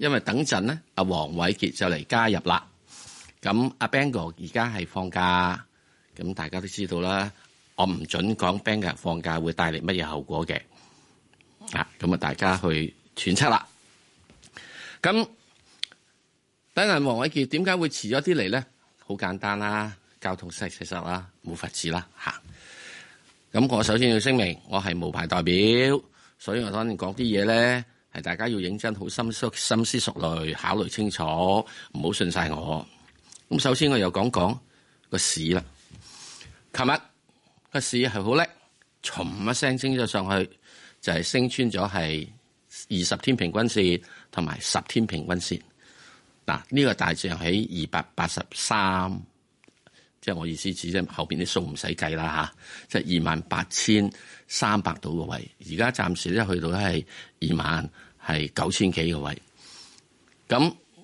因為等陣咧，阿黃偉杰就嚟加入啦。咁阿 Bang 哥而家係放假，咁大家都知道啦。我唔准講 Bang 哥放假會帶嚟乜嘢後果嘅。啊，咁啊，大家去揣測啦。咁，等陣黃偉杰點解會遲咗啲嚟咧？好簡單啦，交通失實實啦，冇法子啦吓。咁我首先要聲明，我係無牌代表，所以我當然講啲嘢咧。係大家要認真，好深思，深思熟慮，考慮清楚，唔好信晒我。咁首先我又講講個市啦。琴日個市係好叻，噏一聲升咗上去，就係、是、升穿咗係二十天平均線同埋十天平均線。嗱，呢個大致喺二百八十三。即係我意思，指後邊啲數唔使計啦吓，即係二萬八千三百度個位。而家暫時咧去到係二萬係九千幾個位。咁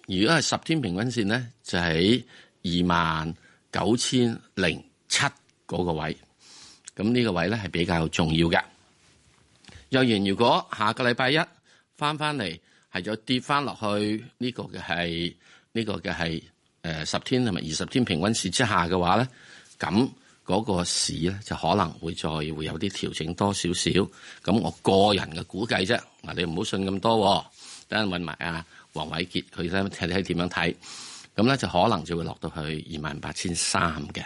如果係十天平均線咧，就喺二萬九千零七嗰個位。咁呢個位咧係比較重要嘅。若然如果下個禮拜一翻翻嚟係咗跌翻落去，呢個嘅係呢個嘅係。誒十天同埋二十天平均線之下嘅話咧，咁嗰、那個市咧就可能會再會有啲調整多少少，咁我個人嘅估計啫，嗱你唔好信咁多，等陣揾埋阿黃瑋杰佢咧睇睇點樣睇，咁咧就可能就會落到去二萬八千三嘅，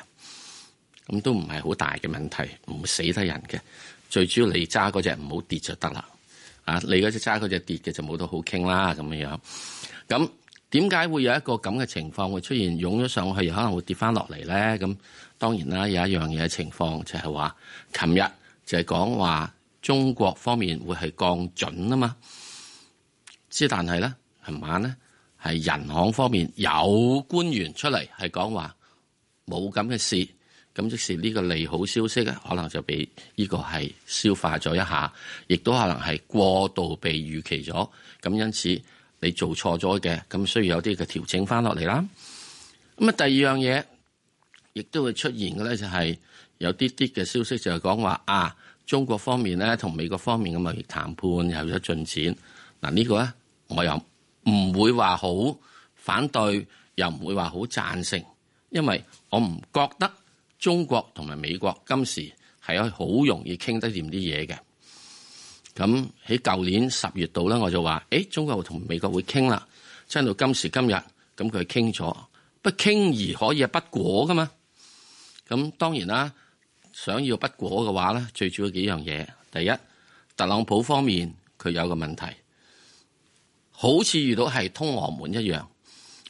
咁都唔係好大嘅問題，唔會死得人嘅，最主要你揸嗰隻唔好跌就得啦，啊你嗰隻揸嗰隻跌嘅就冇得好傾啦咁樣樣，咁。點解會有一個咁嘅情況會出現湧咗上去，又可能會跌翻落嚟咧？咁當然啦，有一樣嘢情況就係話，琴日就係講話中國方面會係降準啊嘛。之但係咧，琴晚咧係人行方面有官員出嚟係講話冇咁嘅事，咁即使呢個利好消息呢，可能就俾呢個係消化咗一下，亦都可能係過度被預期咗，咁因此。你做錯咗嘅，咁需要有啲嘅調整翻落嚟啦。咁啊，第二樣嘢亦都會出現嘅咧，就係有啲啲嘅消息就係講話啊，中國方面咧同美國方面嘅貿易談判又有咗進展。嗱、這、呢個咧，我又唔會話好反對，又唔會話好贊成，因為我唔覺得中國同埋美國今時係好容易傾得掂啲嘢嘅。咁喺舊年十月度咧，我就話，誒、欸，中國會同美國會傾啦。真到今時今日，咁佢傾咗，不傾而可以係不果㗎嘛？咁當然啦，想要不果嘅話咧，最主要幾樣嘢。第一，特朗普方面，佢有個問題，好似遇到係通俄門一樣。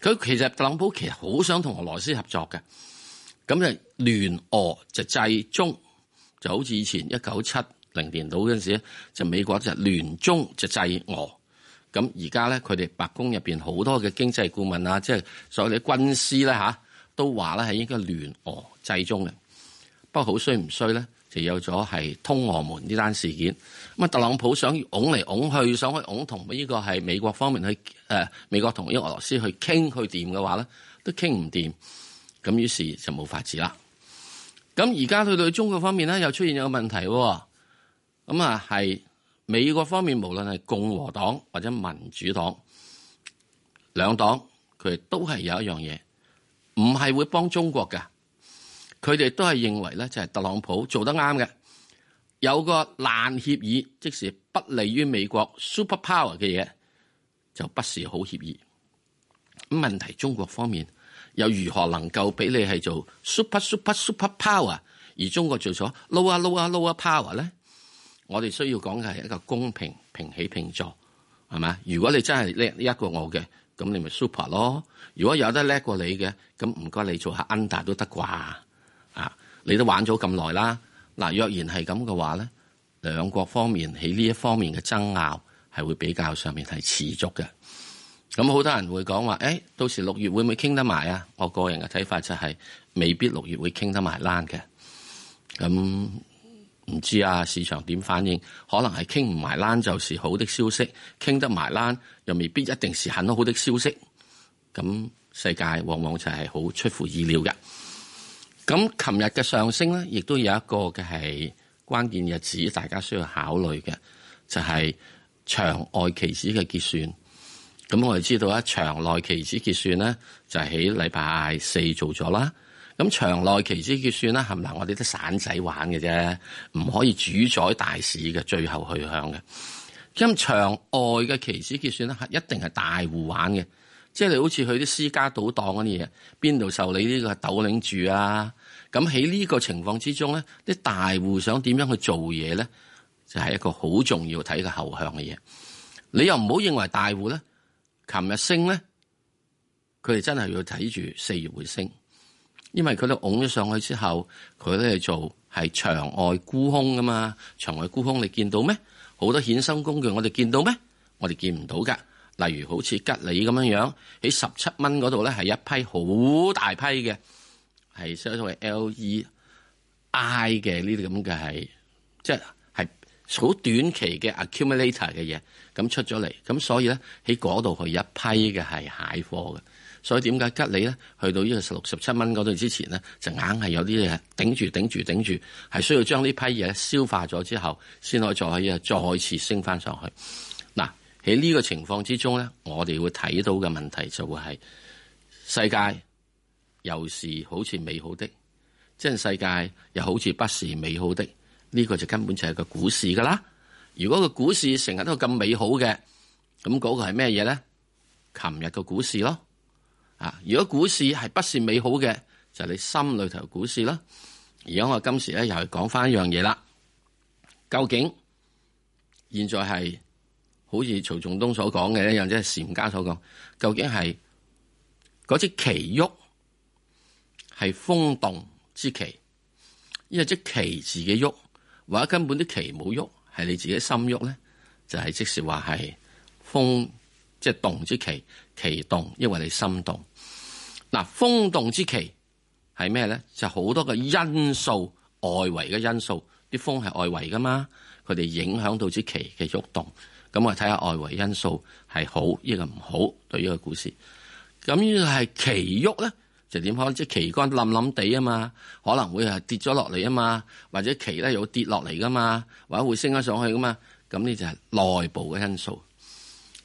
佢其實特朗普其實好想同俄羅斯合作嘅，咁就聯俄就制中，就好似以前一九七零年到嗰陣時咧，就美國就聯中就制俄咁。而家咧，佢哋白宮入邊好多嘅經濟顧問啊，即係所謂啲軍師咧，吓都話咧係應該聯俄制中嘅。不過好衰唔衰咧，就有咗係通俄門呢單事件咁啊。特朗普想拱嚟拱去，想去拱同呢個係美國方面去誒，美國同呢俄羅斯去傾去掂嘅話咧，都傾唔掂咁，於是就冇法子啦。咁而家佢對中國方面咧，又出現有問題。咁啊，係美國方面，無論係共和黨或者民主黨兩黨，佢哋都係有一樣嘢，唔係會幫中國噶，佢哋都係認為咧，就係、是、特朗普做得啱嘅。有個爛協議，即是不利於美國 super power 嘅嘢，就不是好協議。咁問題中國方面又如何能夠俾你係做 super super super power，而中國做咗 low 啊 low 啊 low 啊 power 咧？我哋需要講嘅係一個公平平起平坐，係咪？如果你真係叻叻過我嘅，咁你咪 super 咯；如果有得叻過你嘅，咁唔該你做下 under 都得啩？啊，你都玩咗咁耐啦。嗱，若然係咁嘅話咧，兩國方面喺呢一方面嘅爭拗係會比較上面係持續嘅。咁好多人會講話，誒、欸，到時六月會唔會傾得埋啊？我個人嘅睇法就係、是、未必六月會傾得埋啦嘅。咁、嗯。唔知啊，市場點反應？可能係傾唔埋欄就是好的消息，傾得埋欄又未必一定是很好的消息。咁世界往往就係好出乎意料嘅。咁琴日嘅上升咧，亦都有一個嘅係關鍵日子，大家需要考慮嘅就係、是、場外期指嘅結算。咁我哋知道啊，場內期指結算咧就喺禮拜四做咗啦。咁場內期指結算呢，係咪？嗱我哋啲散仔玩嘅啫，唔可以主宰大市嘅最後去向嘅。咁場外嘅期指結算咧，一定係大戶玩嘅，即係你好似去啲私家賭檔嗰啲嘢，邊度受理呢個斗領住啊？咁喺呢個情況之中咧，啲大戶想點樣去做嘢咧，就係一個好重要睇嘅後向嘅嘢。你又唔好認為大戶咧，琴日升咧，佢哋真係要睇住四月會升。因為佢咧拱咗上去之後，佢咧做係場外沽空噶嘛，場外沽空你見到咩？好多衍生工具我哋見到咩？我哋見唔到噶。例如好似嘉里咁樣樣喺十七蚊嗰度咧，係一批好大批嘅，係所謂 L E I 嘅呢啲咁嘅係，即係好短期嘅 accumulator 嘅嘢，咁出咗嚟，咁所以咧喺嗰度佢一批嘅係蟹貨嘅。所以點解吉利咧去到呢個六十七蚊嗰度之前咧，就硬係有啲嘢頂住、頂住、頂住，係需要將呢批嘢消化咗之後，先可以再啊再次升返上去。嗱，喺呢個情況之中咧，我哋會睇到嘅問題就會、是、係世界又是好似美好的，即係世界又好似不是美好的。呢、這個就根本就係個股市㗎啦。如果個股市成日都咁美好嘅，咁嗰個係咩嘢咧？琴日個股市咯。啊！如果股市係不是美好嘅，就是、你心裏頭股市啦。而家我今時咧又係講翻一樣嘢啦。究竟現在係好似曹仲東所講嘅一樣，即係禪家所講，究竟係嗰隻旗喐係風動之旗，因為隻旗字嘅喐，或者根本啲旗冇喐，係你自己心喐咧，就係、是、即時話係風即係、就是、動之旗，旗動因為你心動。嗱，風動之旗係咩咧？就好多嘅因素，外圍嘅因素，啲風係外圍噶嘛，佢哋影響到之旗嘅喐動。咁我哋睇下外圍因素係好，呢個唔好對呢個股市，咁呢個係旗喐咧，就點可即係旗杆冧冧地啊嘛，可能會係跌咗落嚟啊嘛，或者旗咧又跌落嚟噶嘛，或者會升咗上去噶嘛。咁呢就係內部嘅因素。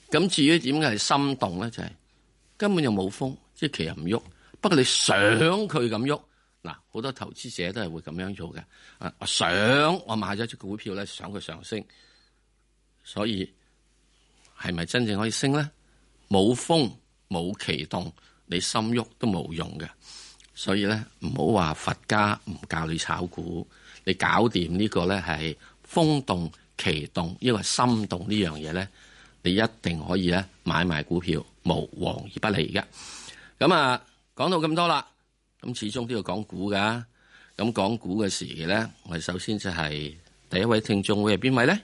咁至於點解係心動咧，就係根本就冇風。即係其實唔喐，不過你想佢咁喐嗱，好多投資者都係會咁樣做嘅。誒，我想我買咗隻股票咧，想佢上升，所以係咪真正可以升咧？冇風冇奇動，你心喐都冇用嘅。所以咧，唔好話佛家唔教你炒股，你搞掂呢個咧係風動、奇動，因為心動呢樣嘢咧，你一定可以咧買賣股票無往而不利嘅。咁啊，講到咁多啦，咁始終都要講股噶。咁講股嘅時咧，我哋首先就係第一位聽眾會係邊位咧？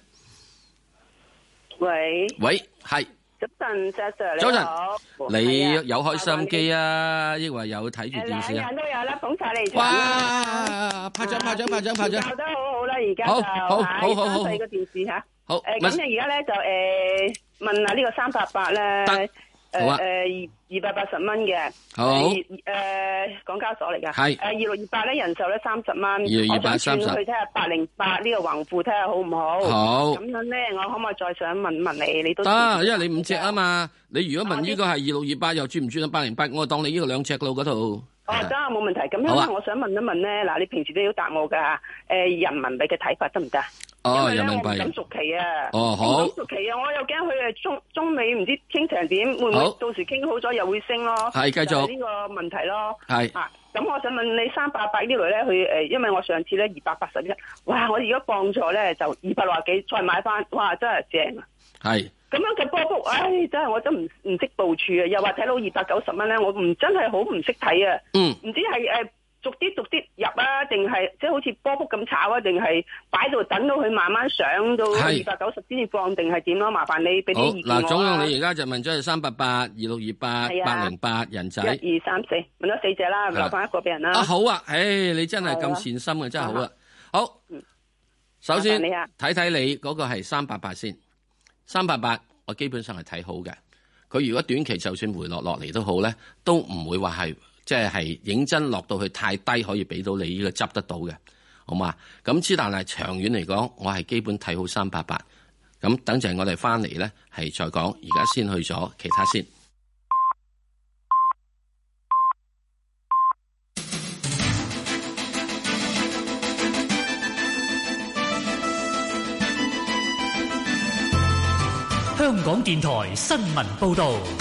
喂喂，係早晨 j a 你早晨，哦，你有開收音機啊？亦或，啊、有睇住電視啊？兩樣都有啦，捧晒嚟。哇！拍掌拍掌拍掌拍掌，拍得好好啦，而家就睇細個電視吓。好，誒，咁你而家咧就誒、呃、問下呢個三八八啦。好啊！二二百八十蚊嘅，好誒、啊呃、港交所嚟㗎，係誒二六二八咧，人壽咧三十蚊，二六二八三十，我打算去睇下八零八呢個泓富睇下好唔好？好咁樣咧，我可唔可以再想問問你？你都得、啊，因為你五隻啊嘛啊，你如果問呢個係二六二八又轉唔轉到八零八，我當你呢個兩尺路嗰度，得、啊、冇、啊、問題。咁因為我想問一問咧，嗱、啊、你平時都要答我㗎，誒、呃、人民幣嘅睇法得唔得？因為咧我等續期啊，哦好，續期啊，我又驚佢誒中中美唔知傾成點，會唔會到時傾好咗又會升咯？係繼續呢個問題咯。係啊，咁我想問你三百八,八類呢類咧，佢誒，因為我上次咧二百八十一，281，哇！我而家放錯咧就二百六十幾再買翻，哇！真係正啊！係咁樣嘅波幅，唉、哎，真係我都唔唔識部署啊！又話睇到二百九十蚊咧，我唔真係好唔識睇啊！嗯，唔知係誒。呃逐啲逐啲入啊，定係即係好似波幅咁炒啊，定係擺到等到佢慢慢上到二百九十之前放，定係點咯？麻煩你俾意見我。好嗱，總共你而家就問咗係三八八、二六二八、八零八人仔。一二三四，問咗四隻啦，留翻一個俾人啦。啊好啊，唉，你真係咁善心啊，真係好啊。好，首先睇睇你嗰個係三八八先，三八八我基本上係睇好嘅。佢如果短期就算回落落嚟都好咧，都唔會話係。即係係認真落到去太低，可以俾到你呢個執得到嘅，好嘛？咁之但係長遠嚟講，我係基本睇好三八八。咁等陣我哋翻嚟咧，係再講。而家先去咗其他先。香港電台新聞報導。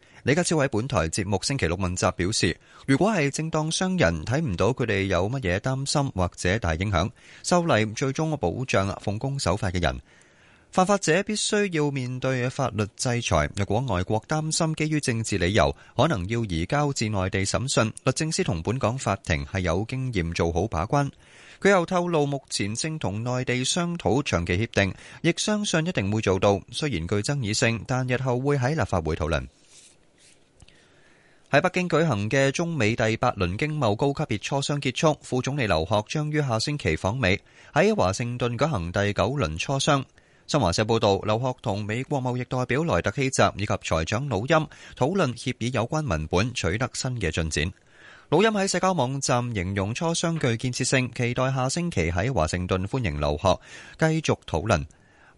李家超喺本台節目星期六問責表示，如果係正當商人，睇唔到佢哋有乜嘢擔心或者大影響，修例最終保障奉公守法嘅人，犯法者必須要面對法律制裁。若果外國擔心基於政治理由，可能要移交至內地審訊，律政司同本港法庭係有經驗做好把關。佢又透露，目前正同內地商討長期協定，亦相信一定會做到。雖然具爭議性，但日後會喺立法會討論。喺北京舉行嘅中美第八輪經貿高級別磋商結束，副總理劉鶴將於下星期訪美喺華盛頓舉行第九輪磋商。新華社報道，劉鶴同美國貿易代表萊特希澤以及財長魯欽討論協議有關文本，取得新嘅進展。魯欽喺社交網站形容磋商具建設性，期待下星期喺華盛頓歡迎劉鶴繼續討論。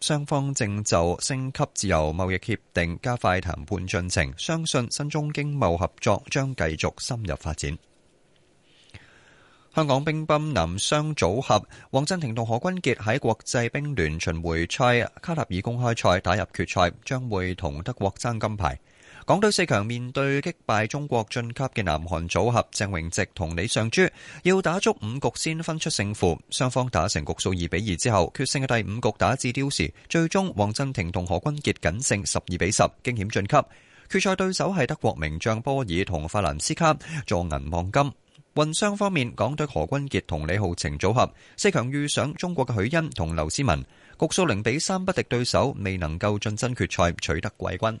雙方正就升級自由貿易協定加快談判進程，相信新中經貿合作將繼續深入發展。香港乒乓男雙組合黃振廷同何君傑喺國際乒聯巡迴賽卡塔爾公開賽打入決賽，將會同德國爭金牌。港隊四強面對擊敗中國晉級嘅南韓組合鄭榮植同李尚洙，要打足五局先分出勝負。雙方打成局數二比二之後，決勝嘅第五局打至刁時，最終黃鎮廷同何鈞傑僅勝十二比十，驚險晉級。決賽對手係德國名將波爾同法蘭斯卡，坐銀望金。混雙方面，港隊何鈞傑同李皓晴組合四強遇上中國嘅許昕同劉詩雯，局數零比三不敵對手，未能夠晉身決賽，取得季軍。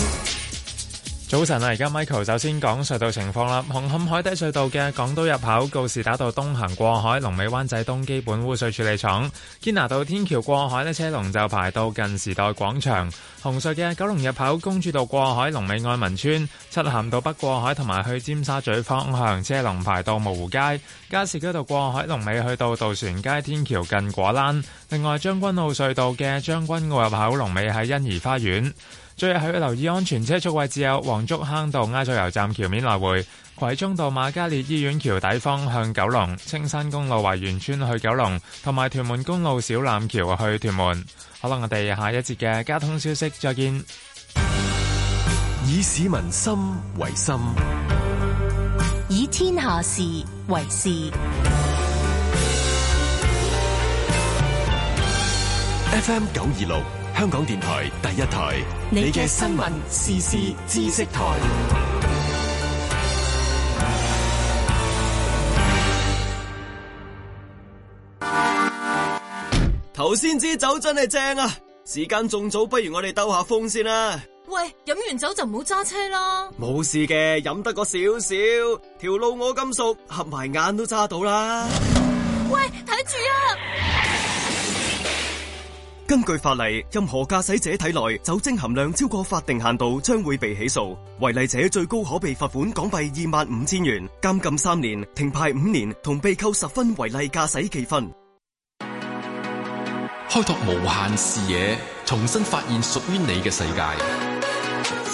早晨啊！而家 Michael 首先講隧道情況啦。紅磡海底隧道嘅港島入口告士打道東行過海，龍尾灣仔東基本污水處理廠；堅拿道天橋過海呢車龍就排到近時代廣場。紅隧嘅九龍入口公主道過海，龍尾愛民村；漆咸道北過海同埋去尖沙咀方向，車龍排到蕪湖街；加士居道過海，龍尾去到渡船街天橋近果欄。另外，將軍澳隧道嘅將軍澳入口龍尾喺欣怡花園。最後要留意安全車速位置，有黃竹坑道埃佐油站橋面來回、葵涌道瑪嘉烈醫院橋底方向九龍、青山公路圍園村去九龍同埋屯門公路小欖橋去屯門。好啦，我哋下一節嘅交通消息再見。以市民心為心，以天下事為事。FM 九二六。香港電台第一台，你嘅新聞時事知識台。頭先支酒真係正啊！時間仲早，不如我哋兜下風先啦。喂，飲完酒就唔好揸車啦。冇事嘅，飲得個少少，條路我咁熟，合埋眼都揸到啦。喂，睇住啊！根據法例，任何駕駛者體內酒精含量超過法定限度，將會被起訴。違例者最高可被罰款港幣二萬五千元、監禁三年、停牌五年，同被扣十分違例駕駛記分。開拓無限視野，重新發現屬於你嘅世界。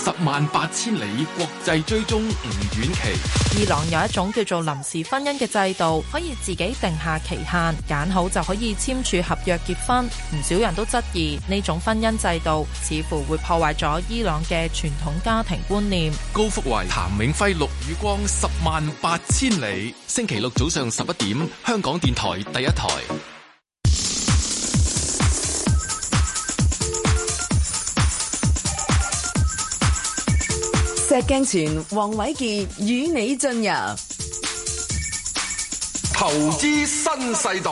十萬八千里國際追蹤唔遠期。伊朗有一種叫做臨時婚姻嘅制度，可以自己定下期限，揀好就可以簽署合約結婚。唔少人都質疑呢種婚姻制度，似乎會破壞咗伊朗嘅傳統家庭觀念。高福為、譚永輝、陸宇光，十萬八千里。星期六早上十一點，香港電台第一台。石鏡泉，黃瑋杰與你進入投資新，新世代。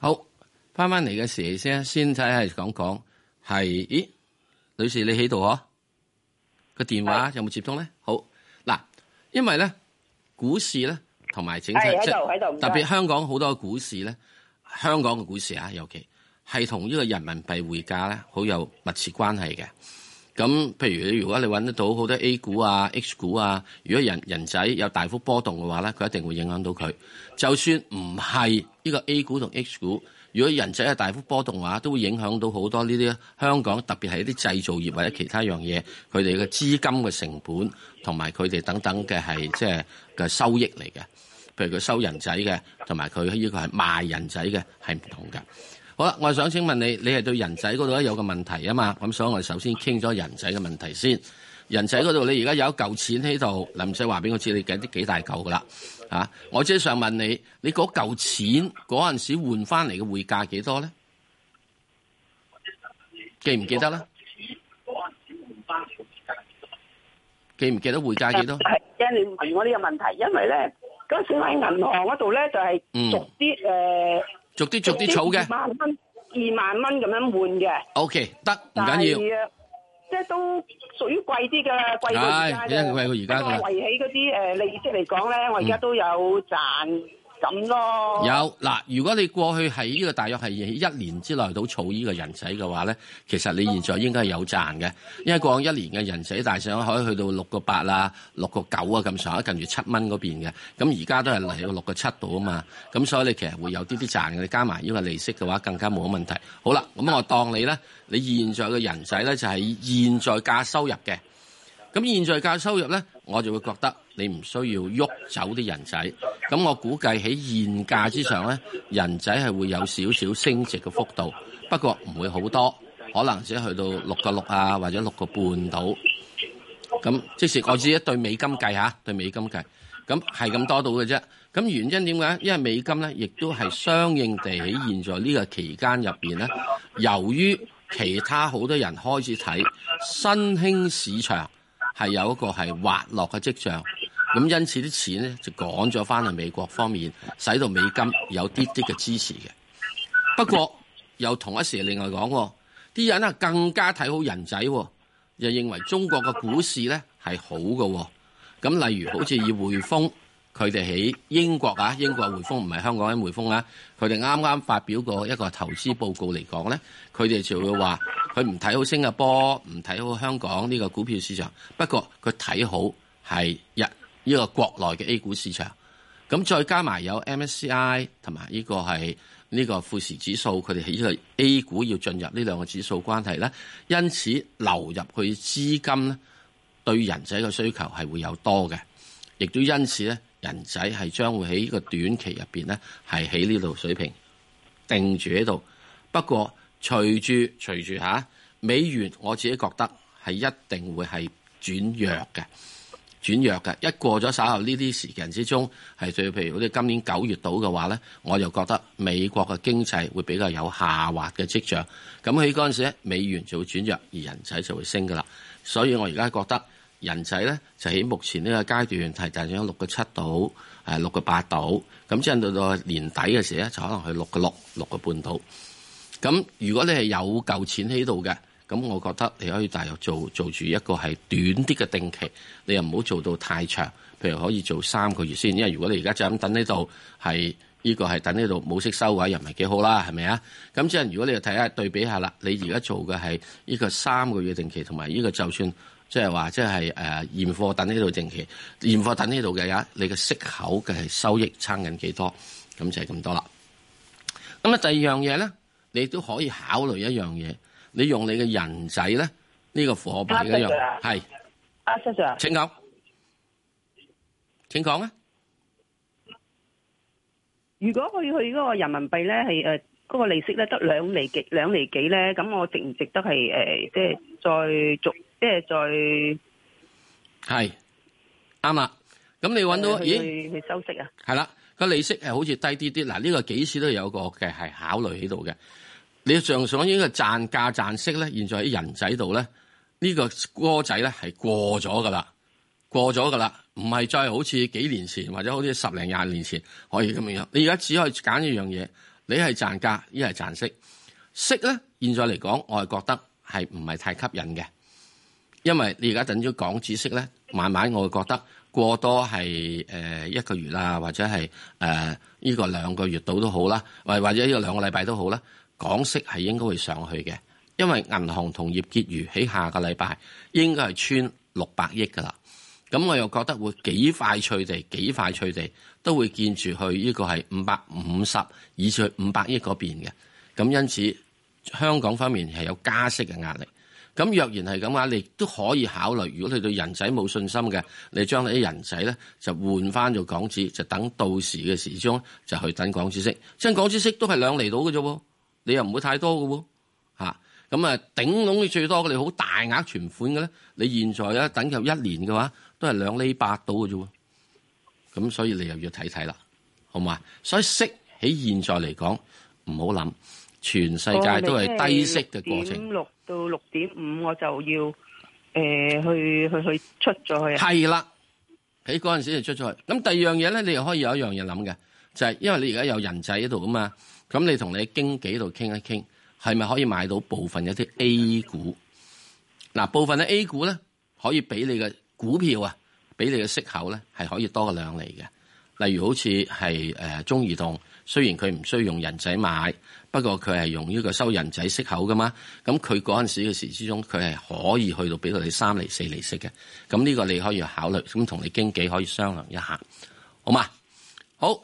好，翻返嚟嘅時，先先睇係講講係，咦女士，你喺度啊。個電話有冇接通咧？好嗱，因為咧股市咧同埋整體即係特別香港好多股市咧，香港嘅股市啊，尤其係同呢個人民幣匯價咧，好有密切關係嘅。咁譬如如果你揾得到好多 A 股啊、H 股啊，如果人人仔有大幅波動嘅話咧，佢一定會影響到佢。就算唔係呢個 A 股同 H 股。如果人仔係大幅波動嘅話，都會影響到好多呢啲香港特別係一啲製造業或者其他樣嘢，佢哋嘅資金嘅成本同埋佢哋等等嘅係即係嘅收益嚟嘅。譬如佢收人仔嘅，同埋佢呢個係賣人仔嘅係唔同嘅。好啦，我想請問你，你係對人仔嗰度咧有個問題啊嘛？咁所以我哋首先傾咗人仔嘅問題先。人仔嗰度你而家有一嚿錢喺度，林唔使話俾我知你計啲幾大嚿噶啦。啊！我只想問你，你嗰嚿錢嗰陣時換翻嚟嘅匯價幾多咧？記唔記得啦？記唔記得匯價幾多？驚你問我呢個問題，因為咧嗰時喺銀行嗰度咧就係逐啲誒，逐啲逐啲儲嘅，萬蚊二萬蚊咁樣換嘅。OK，得，唔緊要。即係都屬於貴啲嘅，貴啲㗎啫。因為佢而家維起嗰啲誒利息嚟講咧，我而家都有賺。咁咯，有嗱，如果你過去係呢個大約係一年之內都儲呢個人仔嘅話咧，其實你現在應該係有賺嘅，因為過一年嘅人仔大上可以去到六個八啦，六個九啊咁上下，近住七蚊嗰邊嘅，咁而家都係嚟到六個七度啊嘛，咁所以你其實會有啲啲賺嘅，你加埋因為利息嘅話更加冇乜問題。好啦，咁我當你咧，你現在嘅人仔咧就係現在價收入嘅，咁現在價收入咧。我就會覺得你唔需要喐走啲人仔，咁我估計喺現價之上呢人仔係會有少少升值嘅幅度，不過唔會好多，可能只係去到六個六啊，或者六個半到。咁即使我自己對美金計下，啊，對美金計，咁係咁多到嘅啫。咁原因點解？因為美金呢亦都係相應地喺現在呢個期間入面呢。呢由於其他好多人開始睇新興市場。係有一個係滑落嘅跡象，咁因此啲錢咧就趕咗翻去美國方面，使到美金有啲啲嘅支持嘅。不過又同一時另外講，啲人呀更加睇好人仔，又認為中國嘅股市咧係好嘅。咁例如好似以匯豐。佢哋喺英國啊，英國匯豐唔係香港嘅匯豐啊。佢哋啱啱發表過一個投資報告嚟講咧，佢哋就會話佢唔睇好新加坡，唔睇好香港呢個股票市場。不過佢睇好係日呢個國內嘅 A 股市場。咁再加埋有 MSCI 同埋呢個係呢個富時指數，佢哋起呢個 A 股要進入呢兩個指數關係咧。因此流入佢資金咧，對人仔嘅需求係會有多嘅，亦都因此咧。人仔係將會喺呢個短期入邊咧，係喺呢度水平定住喺度。不過隨住隨住吓、啊、美元，我自己覺得係一定會係轉弱嘅，轉弱嘅。一過咗稍後呢啲時間之中，係譬如譬如我今年九月到嘅話咧，我就覺得美國嘅經濟會比較有下滑嘅跡象。咁喺嗰陣時咧，美元就會轉弱，而人仔就會升㗎啦。所以我而家覺得。人仔咧就喺目前呢個階段係大概六個七度，六個八度，咁之後到到年底嘅時候咧就可能去六個六、六個半度。咁如果你係有夠錢喺度嘅，咁我覺得你可以大約做做住一個係短啲嘅定期，你又唔好做到太長，譬如可以做三個月先，因為如果你而家就咁等呢度係呢個係等呢度冇息收嘅話又唔係幾好啦，係咪啊？咁即係如果你就睇下對比下啦，你而家做嘅係呢個三個月定期同埋呢個就算。即係話，即係誒，現貨等呢度定期，現貨等呢度嘅，有你嘅息口嘅係收益差緊幾多，咁就係咁多啦。咁啊，第二樣嘢咧，你都可以考慮一樣嘢，你用你嘅人仔咧，呢個貨幣一樣，係阿 Sir 啊，請講，請講啊！如果佢去嗰個人民幣咧，係誒。嗰、那個利息咧得兩厘幾兩厘幾咧，咁我值唔值得係、呃、即係再續，即係再係啱啦。咁你揾到咦？去收息啊？係啦，個利息係好似低啲啲。嗱，呢個幾時都有個嘅係考慮喺度嘅。你想應該賺價賺息咧，現在喺人仔度咧，呢、這個歌仔咧係過咗噶啦，過咗噶啦，唔係再好似幾年前或者好似十零廿年前可以咁樣。你而家只可以揀一樣嘢。你係賺價，一係賺息。息咧，現在嚟講，我係覺得係唔係太吸引嘅。因為你而家等住港紙息咧，慢慢我會覺得過多係誒一個月啦，或者係誒依個兩個月度都好啦，或或者呢個兩個禮拜都好啦。港息係應該會上去嘅，因為銀行同業結餘喺下個禮拜應該係穿六百億噶啦。咁我又覺得會幾快脆地，幾快脆地。都會建住去呢個係五百五十以至五百億嗰邊嘅，咁因此香港方面係有加息嘅壓力。咁若然係咁啊，你都可以考慮，如果你對人仔冇信心嘅，你將你啲人仔咧就換翻做港紙，就等到時嘅時鐘就去等港紙息。即係港紙息都係兩厘到嘅啫喎，你又唔會太多嘅喎。咁啊，頂籠你最多嘅你好大額存款嘅咧，你現在啊等夠一年嘅話都係兩厘八到嘅啫喎。咁所以你又要睇睇啦，好嘛？所以息喺現在嚟講，唔好諗，全世界都係低息嘅過程。六到六點五，我就要誒去去去出咗去。係啦，喺嗰陣時就出咗去。咁第二樣嘢咧，你又可以有一樣嘢諗嘅，就係、是、因為你而家有人仔喺度啊嘛，咁你同你經紀度傾一傾，係咪可以買到部分一啲 A 股？嗱，部分嘅 A 股咧，可以俾你嘅股票啊。俾你嘅息口咧，係可以多過兩厘嘅。例如好似係誒中移動，雖然佢唔需要用人仔買，不過佢係用呢個收人仔息口噶嘛。咁佢嗰陣時嘅時之中，佢係可以去到俾到你三厘四厘息嘅。咁呢個你可以考慮，咁同你經紀可以商量一下，好嘛？好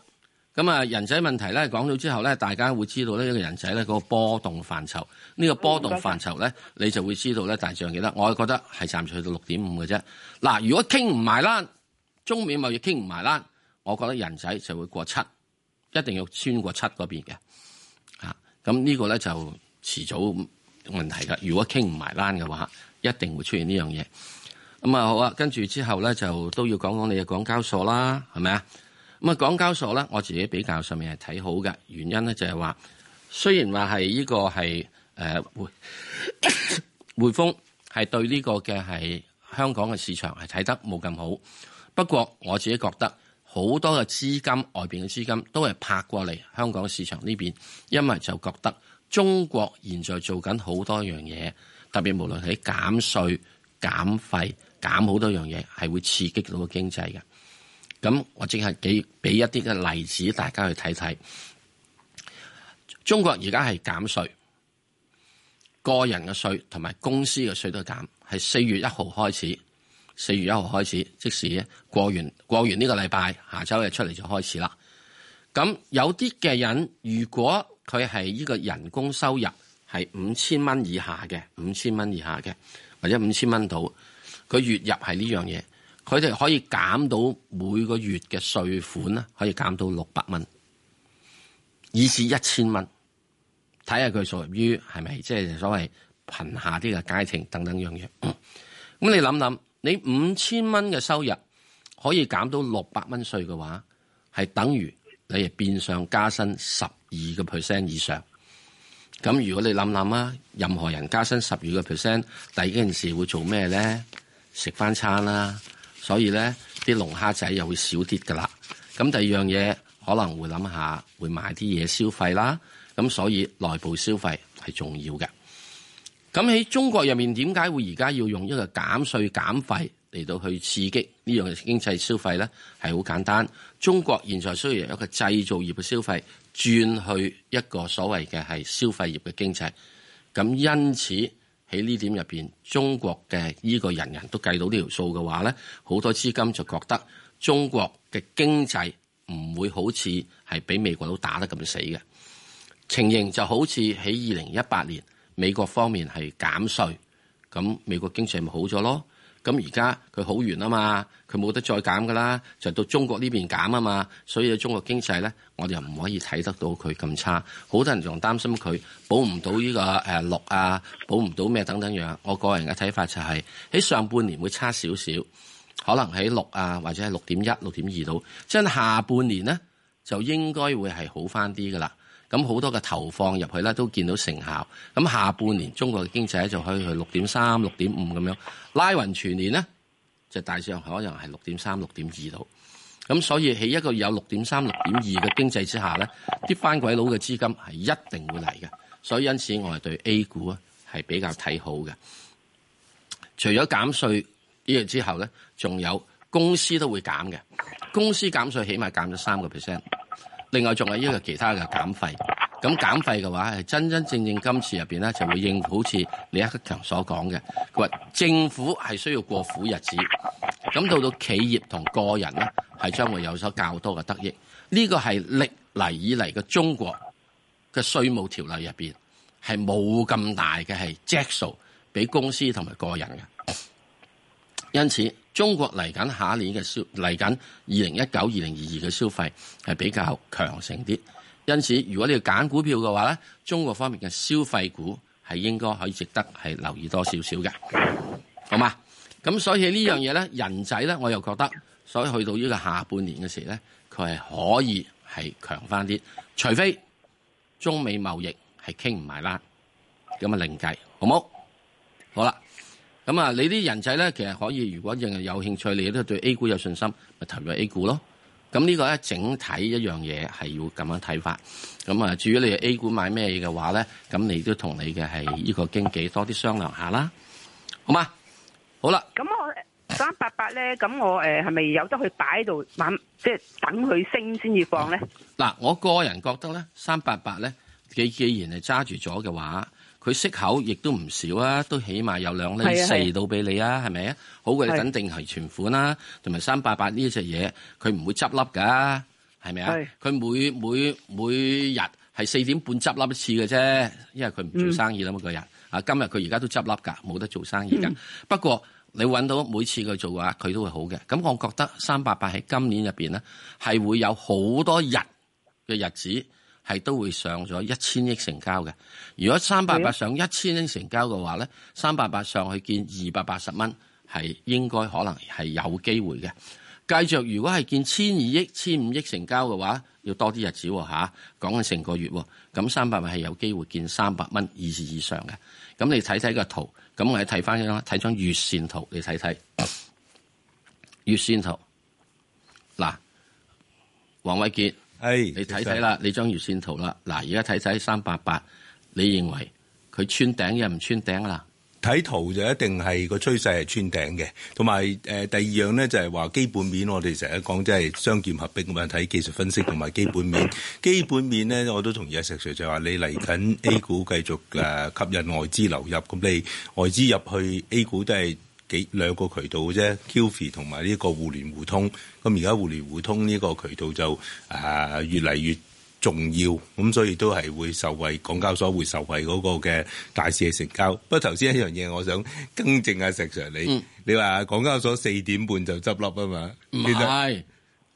咁啊，人仔問題咧講咗之後咧，大家會知道呢個人仔咧嗰個波動範疇。呢、這個波動範疇咧、嗯，你就會知道咧。大致上幾多，我覺覺得係暫時去到六點五嘅啫。嗱，如果傾唔埋啦，中美貿易傾唔埋啦，我覺得人仔就會過七，一定要穿過七嗰邊嘅。咁、啊、呢個咧就遲早問題㗎。如果傾唔埋啦嘅話，一定會出現呢樣嘢。咁啊，好啊，跟住之後咧，就都要講講你嘅港交所啦，係咪啊？咁啊，港交所咧，我自己比較上面係睇好嘅，原因咧就係、是、話，雖然話係呢個係。誒匯 匯豐係對呢個嘅係香港嘅市場係睇得冇咁好，不過我自己覺得好多嘅資金外面嘅資金都係拍過嚟香港市場呢邊，因為就覺得中國現在做緊好多樣嘢，特別無論喺減稅減費減好多樣嘢，係會刺激到個經濟嘅。咁我淨係俾一啲嘅例子，大家去睇睇。中國而家係減稅。個人嘅稅同埋公司嘅稅都減，係四月一號開始。四月一號開始，即使過完過完呢個禮拜，下周出嚟就開始啦。咁有啲嘅人，如果佢係呢個人工收入係五千蚊以下嘅，五千蚊以下嘅或者五千蚊到，佢月入係呢樣嘢，佢哋可以減到每個月嘅稅款啦，可以減到六百蚊，以至一千蚊。睇下佢屬於係咪即係所謂貧下啲嘅階層等等樣樣。咁你諗諗，你五千蚊嘅收入可以減到六百蚊稅嘅話，係等於你變相加薪十二個 percent 以上。咁如果你諗諗啊，任何人加薪十二個 percent，第二件事會做咩咧？食翻餐啦。所以咧，啲龍蝦仔又會少啲噶啦。咁第二樣嘢可能會諗下，會買啲嘢消費啦。咁所以內部消費係重要嘅。咁喺中國入面點解會而家要用一個減稅減費嚟到去刺激呢樣經濟消費呢？係好簡單。中國現在需要一個製造業嘅消費轉去一個所謂嘅係消費業嘅經濟。咁因此喺呢點入邊，中國嘅呢個人人都計到呢條數嘅話呢，好多資金就覺得中國嘅經濟唔會好似係俾美國佬打得咁死嘅。情形就好似喺二零一八年美國方面係減稅，咁美國經濟咪好咗咯？咁而家佢好完啊嘛，佢冇得再減噶啦，就到中國呢邊減啊嘛，所以中國經濟咧，我哋又唔可以睇得到佢咁差。好多人仲擔心佢保唔到呢個誒六啊，保唔到咩等等樣。我個人嘅睇法就係、是、喺上半年會差少少，可能喺六啊或者係六點一、六點二度，即係下半年咧就應該會係好翻啲噶啦。咁好多嘅投放入去呢，都見到成效。咁下半年中國嘅經濟咧就可以去六點三、六點五咁樣，拉勻全年咧就大致上可能係六點三、六點二度。咁所以喺一個有六點三、六點二嘅經濟之下咧，啲番鬼佬嘅資金係一定會嚟嘅。所以因此我係對 A 股啊係比較睇好嘅。除咗減稅呢樣之後咧，仲有公司都會減嘅。公司減稅起碼減咗三個 percent。另外仲有一個其他嘅減費，咁減費嘅話係真真正正今次入面就會應付好似李克強所講嘅，佢話政府係需要過苦日子，咁到到企業同個人咧係將會有所較多嘅得益。呢、呢個係歷來以來嘅中國嘅稅務條例入邊係冇咁大嘅係質數俾公司同埋個人嘅，因此。中國嚟緊下一年嘅消嚟緊二零一九二零二二嘅消費係比較強盛啲，因此如果你要揀股票嘅話咧，中國方面嘅消費股係應該可以值得係留意多少少嘅，好嘛？咁所以呢樣嘢咧，人仔咧，我又覺得，所以去到呢個下半年嘅時咧，佢係可以係強翻啲，除非中美貿易係傾唔埋啦，咁啊另計，好冇？好啦。咁啊，你啲人仔咧，其實可以，如果認為有興趣，你都對 A 股有信心，咪投入 A 股咯。咁呢個咧，整體一樣嘢係要咁樣睇法。咁啊，至於你 A 股買咩嘅話咧，咁你都同你嘅係呢個經紀多啲商量下啦，好嘛？好啦。咁我三八八咧，咁我係咪有得去擺喺度即係等佢升先至放咧？嗱、啊，我個人覺得咧，三八八咧，既既然係揸住咗嘅話。佢息口亦都唔少啊，都起碼有兩厘四到俾你啊，係咪啊？好嘅，你肯定係存款啦，同埋三八八呢隻嘢，佢唔會執笠㗎，係咪啊？佢每每每日係四點半執笠一次嘅啫，因為佢唔做生意啦嘛，個、嗯、人啊，今日佢而家都執笠㗎，冇得做生意㗎、嗯。不過你揾到每次佢做嘅話，佢都會好嘅。咁我覺得三八八喺今年入面咧，係會有好多日嘅日子。係都會上咗一千億成交嘅。如果三百八上一千億成交嘅話咧，三百八上去見二百八十蚊，係應該可能係有機會嘅。繼續如果係見千二億、千五億成交嘅話，要多啲日子吓，啊，講緊成個月，啊。咁三百萬係有機會見三百蚊二以上嘅。咁你睇睇個圖，咁我睇翻張睇張月線圖，你睇睇月線圖。嗱，黃瑋傑。係，你睇睇啦，你張月線圖啦，嗱，而家睇睇三八八，你認為佢穿頂又唔穿頂啦？睇圖就一定係個趨勢係穿頂嘅，同埋誒第二樣咧就係、是、話基本面，我哋成日講即係雙劍合璧咁樣睇技術分析同埋基本面。基本面咧，我都同意阿石 Sir 就話你嚟緊 A 股繼續誒、呃、吸引外資流入，咁你外資入去 A 股都係。幾兩個渠道啫 QFII 同埋呢個互聯互通。咁而家互聯互通呢個渠道就啊越嚟越重要。咁所以都係會受惠，港交所會受惠嗰個嘅大市嘅成交。不過頭先一樣嘢，我想更正阿、啊、石 Sir 你，嗯、你話港交所四點半就執笠啊嘛？唔係。其實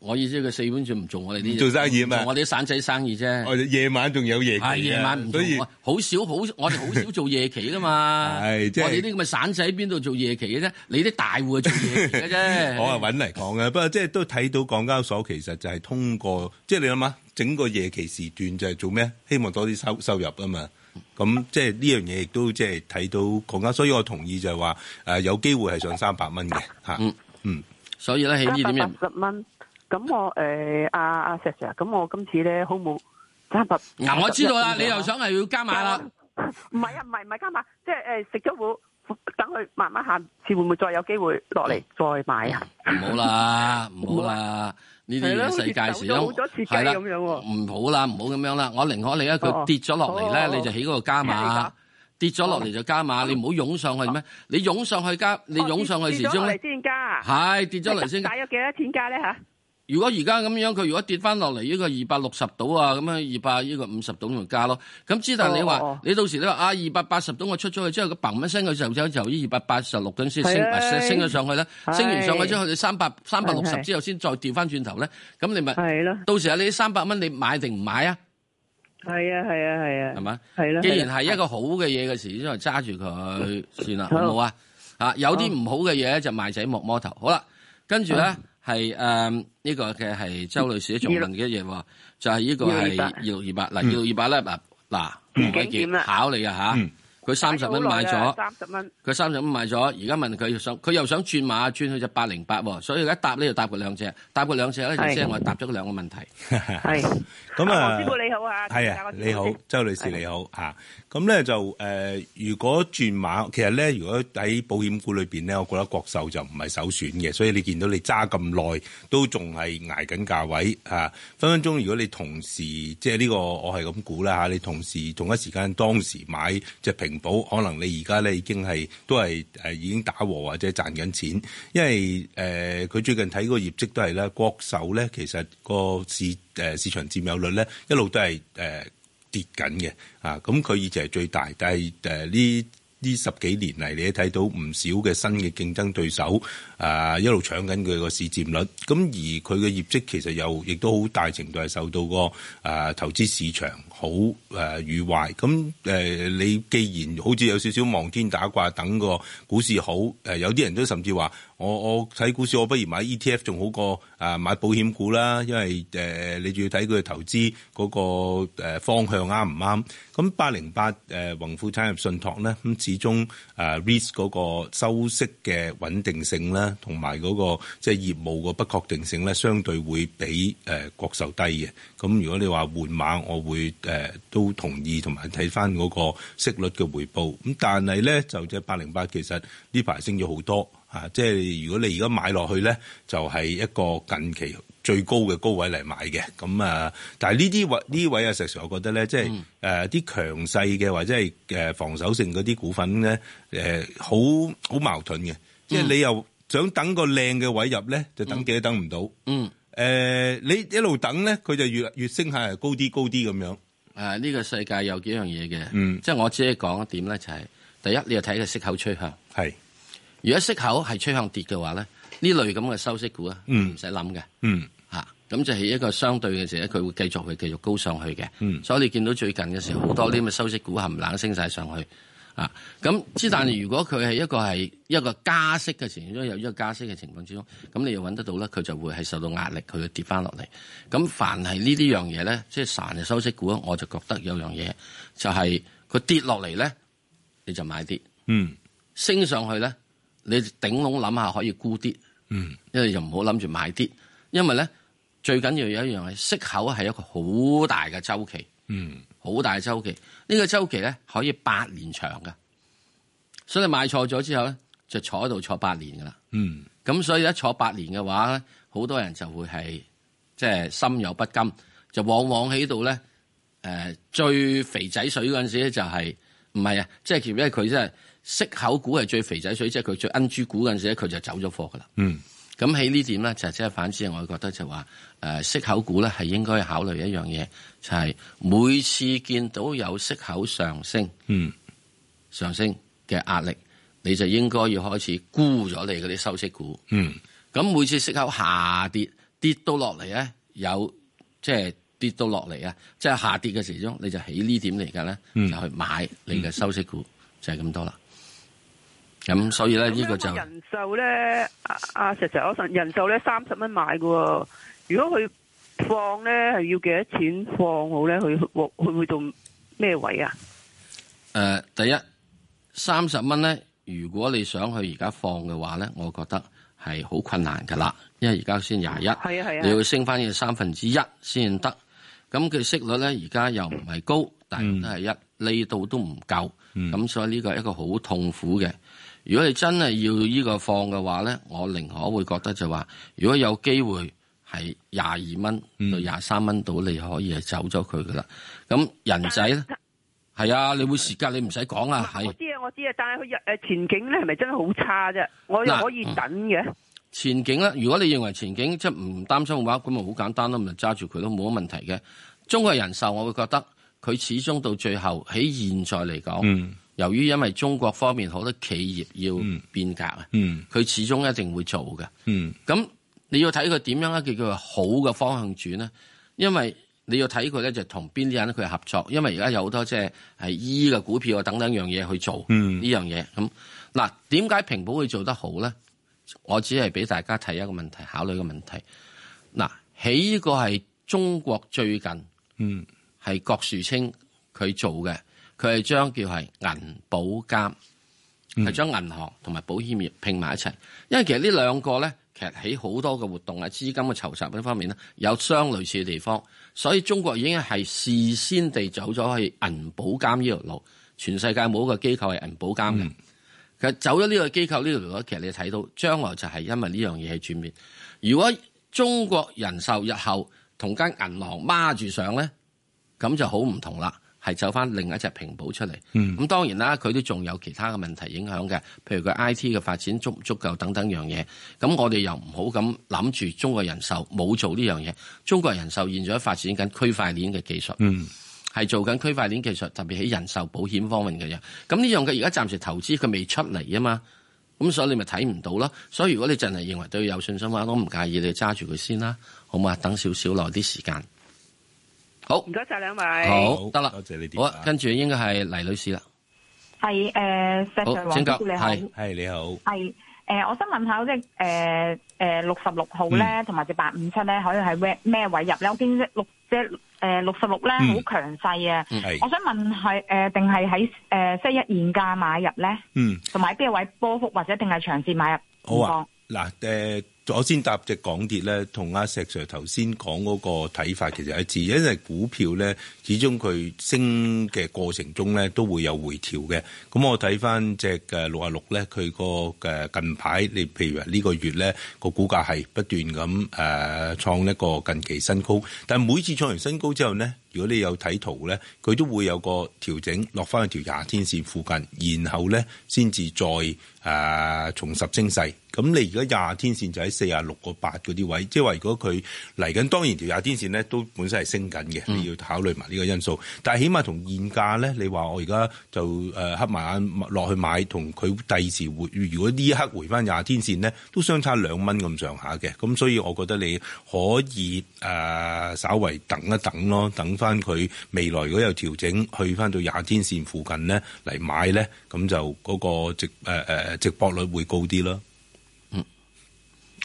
我意思佢四本就唔做我哋啲做生意嘛，做我哋啲散仔生意啫。我哋夜晚仲有夜期啊，哎、晚所好少好，我哋好少做夜期噶嘛。係、 就是，我哋啲咁嘅散仔喺邊度做夜期嘅啫？你啲大戶做夜期嘅啫。 我啊揾嚟講嘅。 不過即係都睇到港交所其實就係通過，即、就、係、是、你諗下，整個夜期時段就係做咩？希望多啲收收入啊嘛。咁即係呢樣嘢亦都即係睇到港交所，所以我同意就係話誒有機會係上三百蚊嘅吓。嗯，所以咧起呢點五十蚊。咁我誒阿阿石石咁我今次咧好冇加碼？嗱我知道啦，你又想係要加碼啦？唔係啊，唔係唔係加碼，即係誒食咗股，等佢慢慢行，下次會唔會再有機會落嚟再買啊？唔好啦，唔好啦，呢啲世界時鐘，係啦，咁樣喎，唔好啦，唔好咁樣啦，我寧可你一個跌咗落嚟咧，你就起嗰個加碼，跌咗落嚟就加碼，你唔好湧上去咩？你湧上去加，你湧上去時鐘咧？係跌咗嚟先加，係跌咗嚟先。大約幾多錢加咧嚇？如果而家咁樣，佢如果跌翻落嚟，呢個二百六十度啊，咁樣二百呢個五十度咪加咯。咁之但你話、哦哦，你到時你話啊，二百八十度我出咗去之後，佢嘭一聲，佢就走。由呢二百八十六咁先升升咗上去咧、啊，升完上去之後，啊啊啊、你三百三百六十之後先再掉翻轉頭咧，咁你咪到時你300你啊,啊,啊,啊,啊,啊,啊，你三百蚊你買定唔買啊？係啊係啊係啊。係嘛？係啦。既然係一個好嘅嘢嘅時，先嚟揸住佢，算啦好冇啊？啊，有啲唔好嘅嘢就賣仔莫摸,摸頭。好啦，跟住咧、啊。啊係誒呢個嘅係周女士喺做另一嘢，就係、是、呢個係要二百嗱，要二百咧嗱嗱，嗯、考你啊吓，佢三十蚊買咗，佢三十蚊買咗，而家問佢想，佢又想轉馬，轉去隻八零八，所以一答呢就答過兩隻，答過兩隻，一陣先我答咗兩個問題。係咁 啊，啊，黃師傅你好啊，係啊，你好，周女士你好咁咧就誒、呃，如果轉馬其實咧，如果喺保險股裏面咧，我覺得國壽就唔係首選嘅，所以你見到你揸咁耐都仲係挨緊價位、啊、分分鐘，如果你同時即係呢個我，我係咁估啦你同時同一時間當時買即係平保，可能你而家咧已經係都係、啊、已經打和或者賺緊錢，因為誒佢、啊、最近睇嗰個業績都係呢國壽咧其實個市誒、啊、市場佔有率咧一路都係誒。啊跌緊嘅，啊，咁佢以前係最大，但係呢呢十幾年嚟，你睇到唔少嘅新嘅競爭對手，啊，一路搶緊佢個市佔率，咁而佢嘅業績其實又亦都好大程度係受到個、啊、投資市場好誒與壞，咁、啊、你既然好似有少少望天打卦，等個股市好，啊、有啲人都甚至話，我我睇股市，我不如買 ETF 仲好過啊！買保險股啦，因為誒你仲要睇佢投資嗰個方向啱唔啱。咁八零八誒宏富產業信託咧，咁始終誒 risk 嗰個收息嘅穩定性啦，同埋嗰個即係業務個不確定性咧，相對會比誒國壽低嘅。咁如果你話換馬，我會誒都同意，同埋睇翻嗰個息率嘅回報。咁但係咧，就隻八零八其實呢排升咗好多。啊，即係如果你而家買落去咧，就係、是、一個近期最高嘅高位嚟買嘅。咁啊，但係呢啲位呢位啊，石 sir 我覺得咧，即係誒啲強勢嘅或者係防守性嗰啲股份咧，誒好好矛盾嘅。即、嗯、係你又想等個靚嘅位入咧，就等幾都等唔到。嗯。誒、嗯呃，你一路等咧，佢就越越升下高啲高啲咁樣。誒、啊，呢、這個世界有幾樣嘢嘅。嗯。即係我只係講一點咧、就是，就係第一，你要睇個息口趨向。如果息口係趨向跌嘅話咧，呢類咁嘅收息股不用的、嗯嗯、啊，唔使諗嘅，嚇咁就係一個相對嘅時佢會繼續去繼續高上去嘅、嗯。所以你見到最近嘅時候好多呢啲收息股係冚唥升晒上去，啊咁之。但係如果佢係一個係一個加息嘅情，情況之中，有咗加息嘅情況之中，咁你又揾得到咧，佢就會係受到壓力，佢會跌翻落嚟。咁凡係呢啲樣嘢咧，即係賺嘅收息股我就覺得有樣嘢就係、是、佢跌落嚟咧，你就買啲，嗯，升上去咧。你頂籠諗下可以沽啲，嗯，因為就唔好諗住買啲，因為咧最緊要有一樣係息口係一個好大嘅週期，嗯，好大嘅週期，這個、期呢個週期咧可以八年長噶，所以你買錯咗之後咧就坐喺度坐八年噶啦，嗯，咁所以一坐八年嘅話咧，好多人就會係即係心有不甘，就往往喺度咧，誒、呃、最肥仔水嗰陣時咧就係唔係啊，即係因為佢真係。息口股係最肥仔水，所以即係佢最恩 N 股嗰陣時咧，佢就走咗貨噶啦。嗯，咁喺呢點咧，就即、是、係反之，我覺得就話誒息口股咧係應該考慮一樣嘢，就係、是、每次見到有息口上升，嗯，上升嘅壓力，你就應該要開始估沽咗你嗰啲收息股。嗯，咁每次息口下跌跌到落嚟咧，有即係、就是、跌到落嚟啊，即、就、係、是、下跌嘅時中，你就喺呢點嚟噶咧，就去買你嘅收息股、嗯、就係、是、咁多啦。咁所以咧，呢、嗯呢個就係、人壽咧，阿、啊、阿、啊、石石，我信人壽咧三十蚊買嘅、哦。如果佢放咧，係要幾多錢放好咧？佢去去去到咩位啊？誒、呃，第一三十蚊咧，如果你想去而家放嘅話咧，我覺得係好困難嘅啦。因為而家先廿一，你要升翻嘅三分之一先得。咁、嗯、佢息率咧，而家又唔係高，但係都係一釐、嗯、度都唔夠。咁、嗯、所以呢個係一個好痛苦嘅。如果你真係要依個放嘅話咧，我寧可會覺得就話，如果有機會係廿二蚊到廿三蚊度，你可以走咗佢噶啦。咁人仔咧，係啊，你會蝕噶，你唔使講啊。我知啊，我知啊，但係佢誒前景咧係咪真係好差啫？我又可以等嘅。、嗯、前景咧，如果你認為前景即係唔擔心嘅話，咁咪好簡單咯，咪揸住佢都冇乜問題嘅。中國人壽我會覺得佢始終到最後喺現在嚟講。嗯由於因為中國方面好多企業要變革啊，佢、嗯嗯、始終一定會做噶。咁、嗯、你要睇佢點樣啊？叫佢好嘅方向轉呢？因為你要睇佢咧，就同邊啲人佢合作？因為而家有好多即係係醫嘅股票啊，等等樣嘢去做呢、嗯、樣嘢。咁嗱，點解平保會做得好咧？我只係俾大家提一個問題，考慮個問題。嗱，起個係中國最近，係、嗯、郭樹清佢做嘅。佢係將叫係銀保監，係、嗯、將銀行同埋保險業拼埋一齊，因為其實呢兩個咧，其實喺好多嘅活動啊、資金嘅籌集呢方面咧，有相類似嘅地方，所以中國已經係事先地走咗去銀保監呢條路。全世界冇一個機構係銀保監嘅。其、嗯、實走咗呢個機構呢條路，其實你睇到將來就係因為呢樣嘢係轉變。如果中國人壽日後同間銀行孖住上咧，咁就好唔同啦。係走翻另一隻平保出嚟，咁、嗯、當然啦，佢都仲有其他嘅問題影響嘅，譬如佢 I T 嘅發展足唔足夠等等樣嘢。咁我哋又唔好咁諗住中國人壽冇做呢樣嘢，中國人壽現在發展緊區塊鏈嘅技術，係、嗯、做緊區塊鏈技術，特別喺人壽保險方面嘅嘢。咁呢樣嘅而家暫時投資佢未出嚟啊嘛，咁所以你咪睇唔到咯。所以如果你真係認為對佢有信心嘅話，我唔介意你揸住佢先啦，好嘛？等少少耐啲時間。好，唔該晒兩位。好，得啦，多謝你哋。跟住應該係黎女士啦。係誒，石仔網。你好，係你好。係、呃、誒，我想問下即係誒誒六十六號咧，同埋隻八五七咧，可以係咩位入咧？我見隻六隻誒六十六咧好強勢啊。我想問係誒，定係喺誒即係現價買入咧？嗯，同埋邊位波幅或者定係長線買入？好啊。嗱、呃，誒。我先答隻港鐵咧，同阿石 Sir 頭先講嗰個睇法，其實一致。因為股票咧，始終佢升嘅過程中咧，都會有回調嘅。咁我睇翻隻嘅六啊六咧，佢個近排，你譬如話呢個月咧，個股價係不斷咁誒、呃、創一個近期新高，但每次創完新高之後咧，如果你有睇圖咧，佢都會有個調整落翻去條廿天線附近，然後咧先至再誒、呃、重拾升勢。咁你而家廿天線就喺四啊六個八嗰啲位，即係話如果佢嚟緊，當然條廿天線咧都本身係升緊嘅，你要考慮埋呢個因素。嗯、但係起碼同現價咧，你話我而家就誒黑埋眼落去買，同佢第二時回，如果呢一刻回翻廿天線咧，都相差兩蚊咁上下嘅。咁所以我覺得你可以誒、呃、稍微等一等咯，等。翻佢未來如果有調整，去翻到廿天線附近呢，嚟買呢，咁就嗰個直誒誒、呃、直播率會高啲咯。嗯，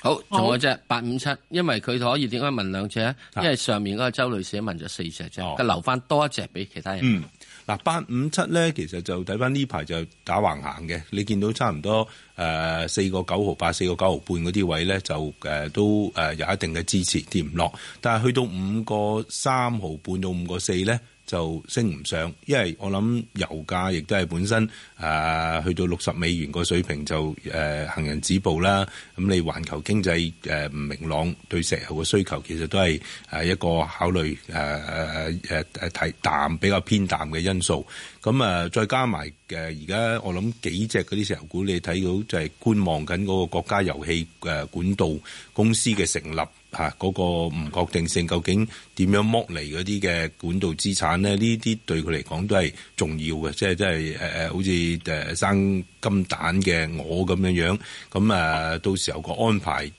好，仲有隻八五七，oh. 857, 因為佢可以點解問兩隻？因為上面嗰個周女士問咗四隻啫，oh. 只留翻多一隻俾其他人。嗯嗱，八五七咧，其實就睇返呢排就打橫行嘅，你見到差唔多誒四個九毫八、四個九毫半嗰啲位咧，就誒都誒有一定嘅支持，跌唔落，但係去到五個三毫半到五個四咧。5 .5 就升唔上，因為我諗油價亦都係本身誒、呃、去到六十美元個水平就誒、呃、行人止步啦。咁、嗯、你環球經濟誒唔、呃、明朗，對石油嘅需求其實都係誒一個考慮誒誒誒誒提淡比較偏淡嘅因素。咁、嗯、啊、呃，再加埋誒而家我諗幾隻嗰啲石油股，你睇到就係觀望緊嗰個國家油氣誒管道公司嘅成立。嚇、啊、嗰、那個唔確定性，究竟點樣剝嚟離嗰啲嘅管道資產咧？呢啲對佢嚟講都係重要嘅，即係即係誒誒，好似誒、呃、生金蛋嘅鵝咁樣樣。咁啊、呃，到時候個安排誒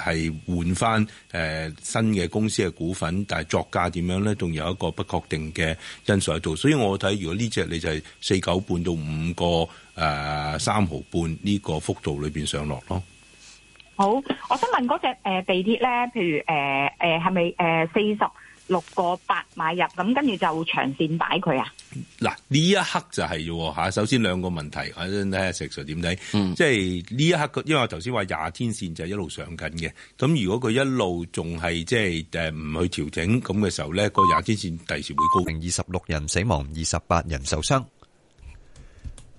係、呃、換翻誒、呃、新嘅公司嘅股份，但係作價點樣咧？仲有一個不確定嘅因素喺度，所以我睇如果呢隻你就係四九半到五個誒三毫半呢個幅度裏邊上落咯。好，我想問嗰隻誒地鐵咧，譬如誒誒係咪誒四十六個八買入，咁跟住就長線擺佢啊？嗱，呢一刻就係喎嚇，首先兩個問題，我先睇下石 Sir 點睇，即係呢一刻因為我頭先話廿天線就係一路上緊嘅，咁如果佢一路仲係即係誒唔去調整咁嘅時候咧，個廿天線第時會高一。二十六人死亡，二十八人受傷。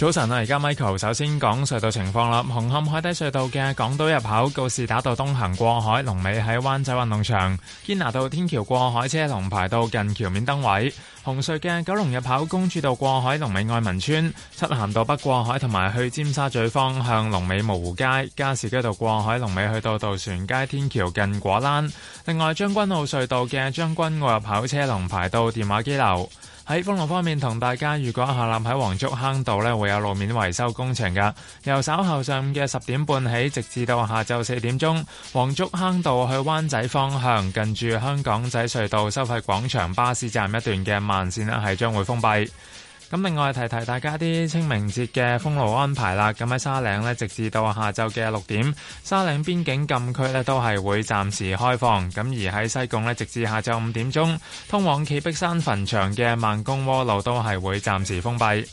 早晨啊！而家 Michael 首先講隧道情況啦。紅磡海底隧道嘅港島入口告士打道東行過海，龍尾喺灣仔運動場；堅拿道天橋過海車龍排到近橋面燈位。紅隧嘅九龍入口公主道過海，龍尾愛民村；漆咸道北過海同埋去尖沙咀方向，龍尾模糊街；加士居道過海，龍尾去到渡船街天橋近果欄。另外，將軍澳隧道嘅將軍澳入口車龍排到電話機樓。喺公路方面，同大家預告一下，立喺黃竹坑道會會有路面維修工程嘅，由稍後上午嘅十點半起，直至到下晝四點鐘，黃竹坑道去灣仔方向近住香港仔隧道收費廣場巴士站一段嘅慢線係係將會封閉。咁另外提提大家啲清明節嘅封路安排啦。咁喺沙嶺呢，直至到下晝嘅六點，沙嶺邊境禁區呢都係會暫時開放。咁而喺西貢呢，直至下晝五點鐘，通往企碧山墳場嘅慢工窩路都係會暫時封閉。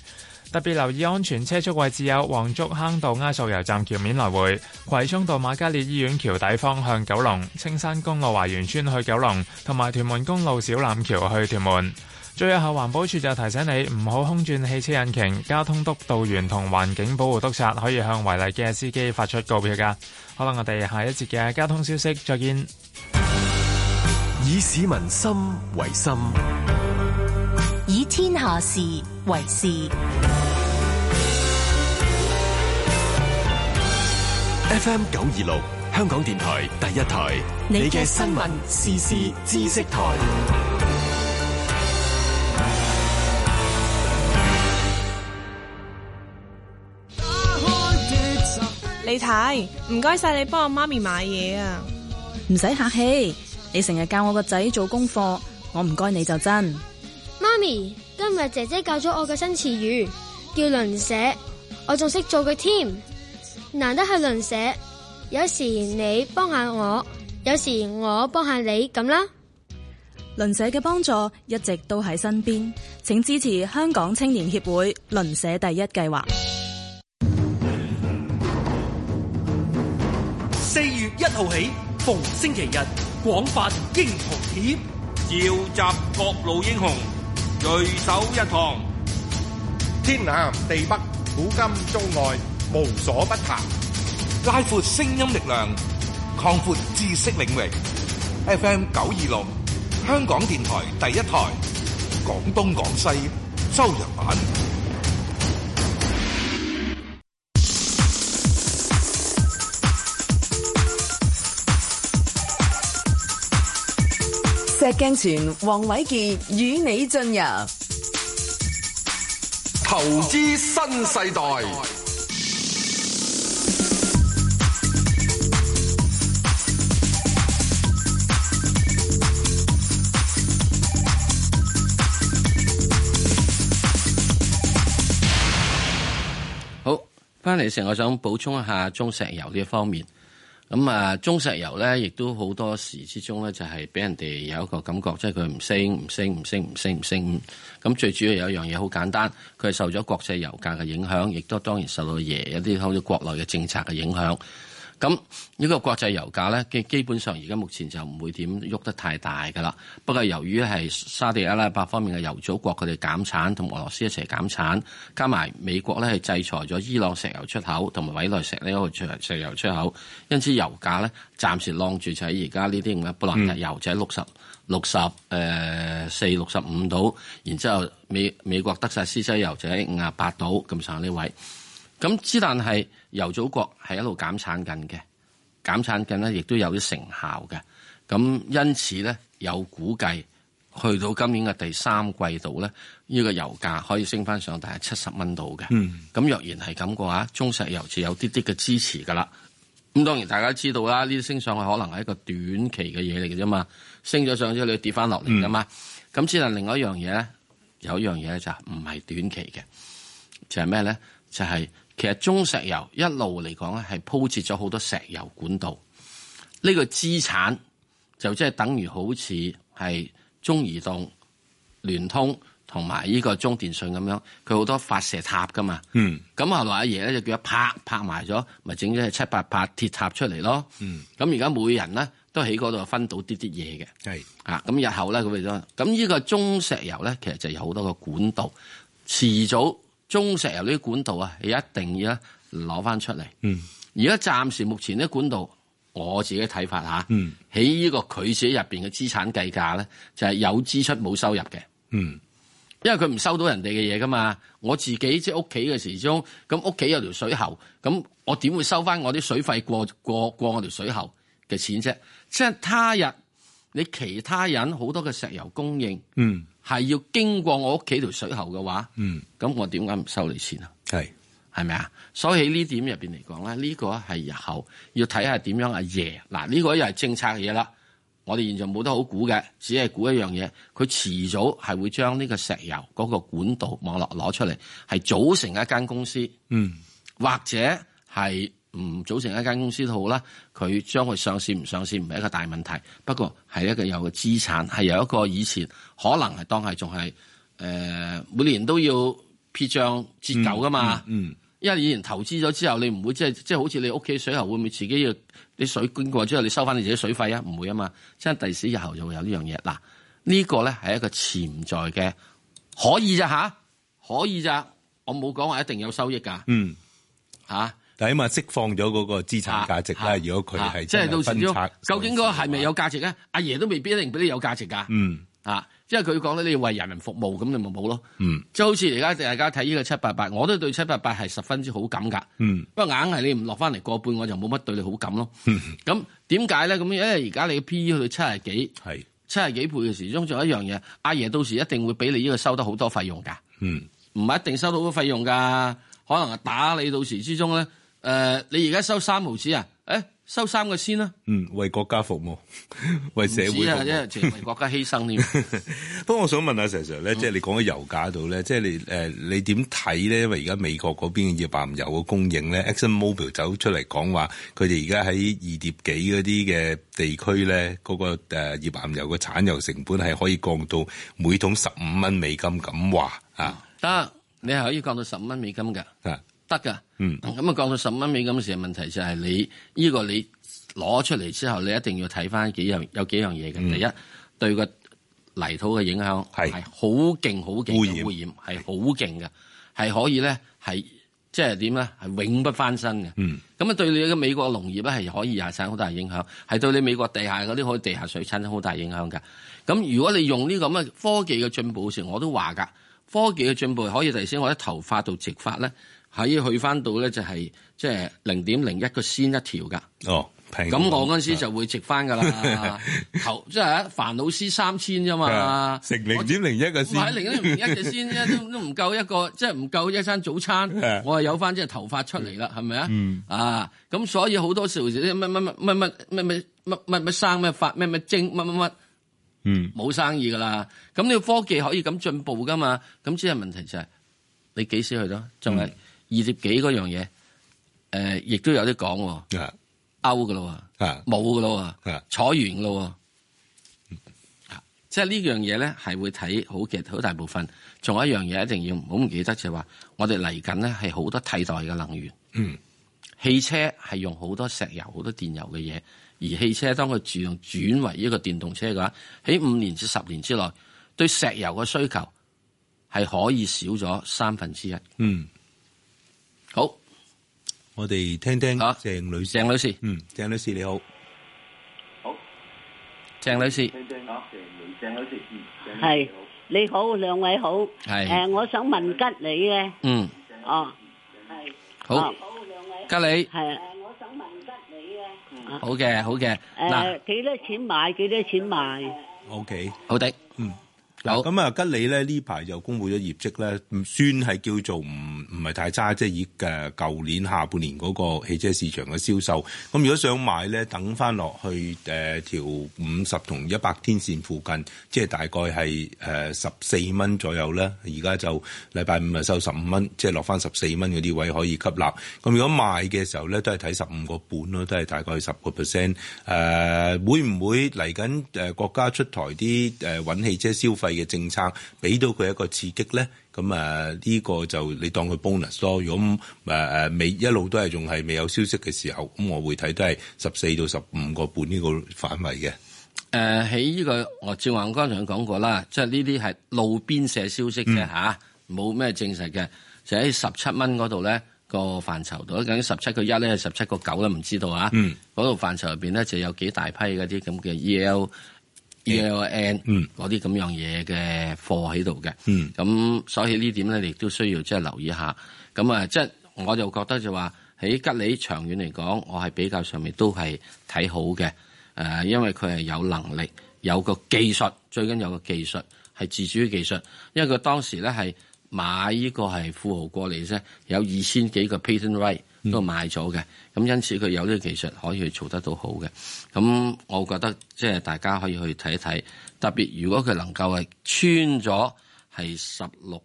特別留意安全車速位置，有黃竹坑道埃索油站橋面來回、葵涌道瑪嘉烈醫院橋底方向九龍、青山公路華園村去九龍，同埋屯門公路小欖橋去屯門。最後，環保處就提醒你唔好空轉汽車引擎。交通督導員同環境保護督察可以向違例嘅司機發出告票噶。好啦，我哋下一節嘅交通消息再見。以市民心為心，以天下事為事。FM 九二六，香港電台第一台，你嘅新聞時事知識台。你睇，唔該晒你幫我媽咪買嘢啊！唔使客氣，你成日教我個仔做功課，我唔該你就真。媽咪，今日姐姐教咗我嘅新詞語，叫鄰舍。我仲識做嘅添。難得係鄰舍。有時你幫下我，有時我幫下你，咁啦。鄰舍嘅幫助一直都喺身邊，請支持香港青年協會鄰舍第一計劃。一號起逢星期日，廣發英雄帖，召集各路英雄聚首一堂。天南地北，古今中外，無所不談。拉闊聲音力量，擴闊知識領域。FM 九二六，香港電台第一台，廣東廣西周日版。石鏡泉，黃瑋杰與你進入投資新，新世代。好，翻嚟時，我想補充一下中石油呢一方面。咁啊，中石油咧，亦都好多時之中咧，就係俾人哋有一個感覺，即係佢唔升、唔升、唔升、唔升、唔升。咁最主要有一樣嘢好簡單，佢係受咗國際油價嘅影響，亦都當然受到爺，一啲好似國內嘅政策嘅影響。咁呢、這個國際油價咧，基基本上而家目前就唔會點喐得太大噶啦。不過由於係沙地阿拉伯方面嘅油組國佢哋減產，同俄羅斯一齊減產，加埋美國咧係制裁咗伊朗石油出口，同埋委內石，石油出口，因此油價咧暫時晾住就喺而家呢啲咁嘅布蘭特油就喺六十六十四六十五度，然之後美美國德薩斯西油就喺五十八度咁上下呢位。咁之但係。油組國係一路減產緊嘅，減產緊咧，亦都有啲成效嘅。咁因此咧，有估計去到今年嘅第三季度咧，呢、這個油價可以升翻上大約七十蚊度嘅。咁、嗯、若然係咁嘅話，中石油就有啲啲嘅支持噶啦。咁當然大家知道啦，呢啲升上去可能係一個短期嘅嘢嚟嘅啫嘛，升咗上之後你要跌翻落嚟噶嘛。咁只能另外一樣嘢咧，有一樣嘢就唔係短期嘅，就係咩咧？就係、是、其實中石油一路嚟講咧，係鋪設咗好多石油管道，呢、這個資產就即係等於好似係中移動、聯通同埋呢個中電信咁樣，佢好多發射塔噶嘛。嗯，咁後來阿爺咧就叫一拍拍埋咗，咪整咗係七八八鐵塔出嚟咯。嗯，咁而家每人都喺嗰度分到啲啲嘢嘅。係啊，咁日後咧咁樣，咁呢個中石油咧其實就有好多個管道，遲早。中石油啲管道啊，你一定要攞翻出嚟。而家暫時目前啲管道，我自己睇法吓，嗯，喺呢個佢字入面嘅資產計價咧，就係、是、有支出冇收入嘅。因為佢唔收到人哋嘅嘢噶嘛。我自己即係屋企嘅時鐘，咁屋企有條水喉，咁我點會收翻我啲水費過過過我條水喉嘅錢啫？即係他日你其他人好多嘅石油供應。嗯係要經過我屋企條水喉嘅話，咁、嗯、我點解唔收你錢啊？係係咪啊？所以喺呢點入邊嚟講咧，呢個係日後要睇下點樣阿爺。嗱、啊，呢個又係政策嘅嘢啦。我哋現在冇得好估嘅，只係估一樣嘢，佢遲早係會將呢個石油嗰個管道網絡攞出嚟，係組成一間公司，嗯、或者係。唔組成一間公司都好啦，佢將佢上市唔上市唔係一個大問題，不過係一個有個資產係有一個以前可能係當係仲係誒每年都要撇帳折舊噶嘛。因、嗯、為、嗯、以前投資咗之後，你唔會即係即係好似你屋企水喉會唔會自己要啲水經過之後你收翻你自己水費啊？唔會啊嘛，即係第時以後就會有呢樣嘢嗱。呢、呢個咧係一個潛在嘅可以咋吓？可以咋、啊，我冇講話一定有收益噶，嗯啊但起碼釋放咗嗰個資產價值啦、啊啊。如果佢係、啊啊、即係到時究竟嗰個係咪有價值咧？阿爺都未必一定俾你有價值噶。嗯，啊，即係佢講咧，你要為人民服務，咁你咪冇咯。嗯，即係好似而家大家睇呢個七八八，我都對七八八係十分之好感噶。嗯，不過硬係你唔落翻嚟過半，我就冇乜對你好感咯。咁點解咧？咁因為而家你 P E 去到七十幾，係七十幾倍嘅時中，仲有一樣嘢，阿爺到時一定會俾你呢個收得好多費用噶。嗯，唔係一定收到好多費用噶，可能係打你到時之中咧。誒、呃，你而家收三毫紙啊？誒、哎，收三個先啦、啊。嗯，為國家服務，為社會服務，即係為國家犧牲添。不 過我想問下 Sir Sir 咧，即係你講咗油價度咧，即係你誒，你點睇咧？因為而家美國嗰邊嘅頁岩油嘅供應咧 e、嗯、Exxon Mobil 走出嚟講話，佢哋而家喺二疊紀嗰啲嘅地區咧，嗰、那個誒頁岩油嘅產油成本係可以降到每桶十五蚊美金咁話啊？得，你係可以降到十五蚊美金噶。啊得噶，咁啊降到十蚊美金咁嘅時候，問題就係你呢、這個你攞出嚟之後，你一定要睇翻幾樣有，有幾樣嘢嘅、嗯。第一對個泥土嘅影響係好勁，好勁嘅污染係好勁嘅，係可以咧係即係點咧係永不翻身嘅。咁、嗯、啊對你個美國農業咧係可以產生好大影響，係對你美國地下嗰啲可以地下水產生好大影響㗎。咁如果你用呢、這個咁嘅科技嘅進步時，我都話噶科技嘅進步可以提先我喺頭髮到直髮咧。喺去翻到咧就係即係零點零一個先一條噶哦，平咁我嗰陣時就會值翻噶啦頭即係煩惱絲三千啫嘛，值零點零一個先，唔係零點零一個先啫，都都唔夠一個，voltage, 即係唔夠一餐早餐。我係有翻即係頭髮出嚟啦，係咪啊？啊，咁所以好多時時乜乜咩咩咩咩咩咩咩生咩發咩咩精乜乜乜，嗯，冇、嗯嗯、生意噶啦。咁你個科技可以咁進步噶嘛？咁只係問題就係、是、你幾時去咯？仲係、嗯？二十幾嗰樣嘢，誒、呃，亦都有啲講，歐噶咯，冇噶咯，yeah. 坐完咯，yeah. 即係呢樣嘢咧，係會睇好嘅，好大部分。仲有一樣嘢，一定要唔好唔記得就係話，我哋嚟緊咧係好多替代嘅能源。嗯、mm.，汽車係用好多石油、好多電油嘅嘢，而汽車當佢自動轉為一個電動車嘅話，喺五年至十年之內，對石油嘅需求係可以少咗三分之一。嗯、mm.。我哋聽聽鄭女士。鄭女士，嗯，鄭女士你好。好，鄭女士。聽聽，好，鄭女，鄭女士，嗯，係，你好，兩位好，係，誒，我想問嘉里咧，嗯，哦，係，好，好，兩位，嘉里，係啊，我想問嘉里嘅，好嘅，好嘅，誒，幾多錢買，幾多錢買？O K，好的，嗯。咁啊，吉利咧，呢排又公布咗業績咧，算係叫做唔唔係太差，即係以誒舊年下半年嗰個汽車市場嘅銷售。咁如果想買咧，等翻落去誒條五十同一百天線附近，即係大概係誒十四蚊左右咧。而家就禮拜五啊收十五蚊，即係落翻十四蚊嗰啲位可以吸納，咁如果賣嘅時候咧，都係睇十五個半咯，都係大概十個 percent。誒會唔會嚟緊誒國家出台啲誒穩汽車消費。嘅政策俾到佢一個刺激咧，咁啊呢、呢個就你當佢 bonus 咯。如果未、啊、一路都係仲係未有消息嘅時候，咁我會睇都係十四到十五個半呢個範圍嘅。誒喺呢個我趙華剛才講過啦，即係呢啲係路邊社消息嘅吓，冇、嗯、咩、啊、證實嘅，就喺十七蚊嗰度咧個範疇度，究竟十七個一咧，十七個九呢？唔知道啊。嗯，嗰度範疇入面咧就有幾大批嗰啲咁嘅 E.L。E L N 嗰、嗯、啲咁樣嘢嘅貨喺度嘅，咁、嗯、所以點呢點咧你亦都需要即係留意下。咁啊，即、就、係、是、我就覺得就話、是、喺吉利長遠嚟講，我係比較上面都係睇好嘅。誒、呃，因為佢係有能力，有個技術，最緊有個技術係自主嘅技術，因為佢當時咧係，買呢個係富豪過嚟啫，有二千幾個 patent right 都買咗嘅，咁、嗯、因此佢有呢個技術可以去做得到好嘅。咁我覺得即係大家可以去睇一睇，特別如果佢能夠係穿咗係十六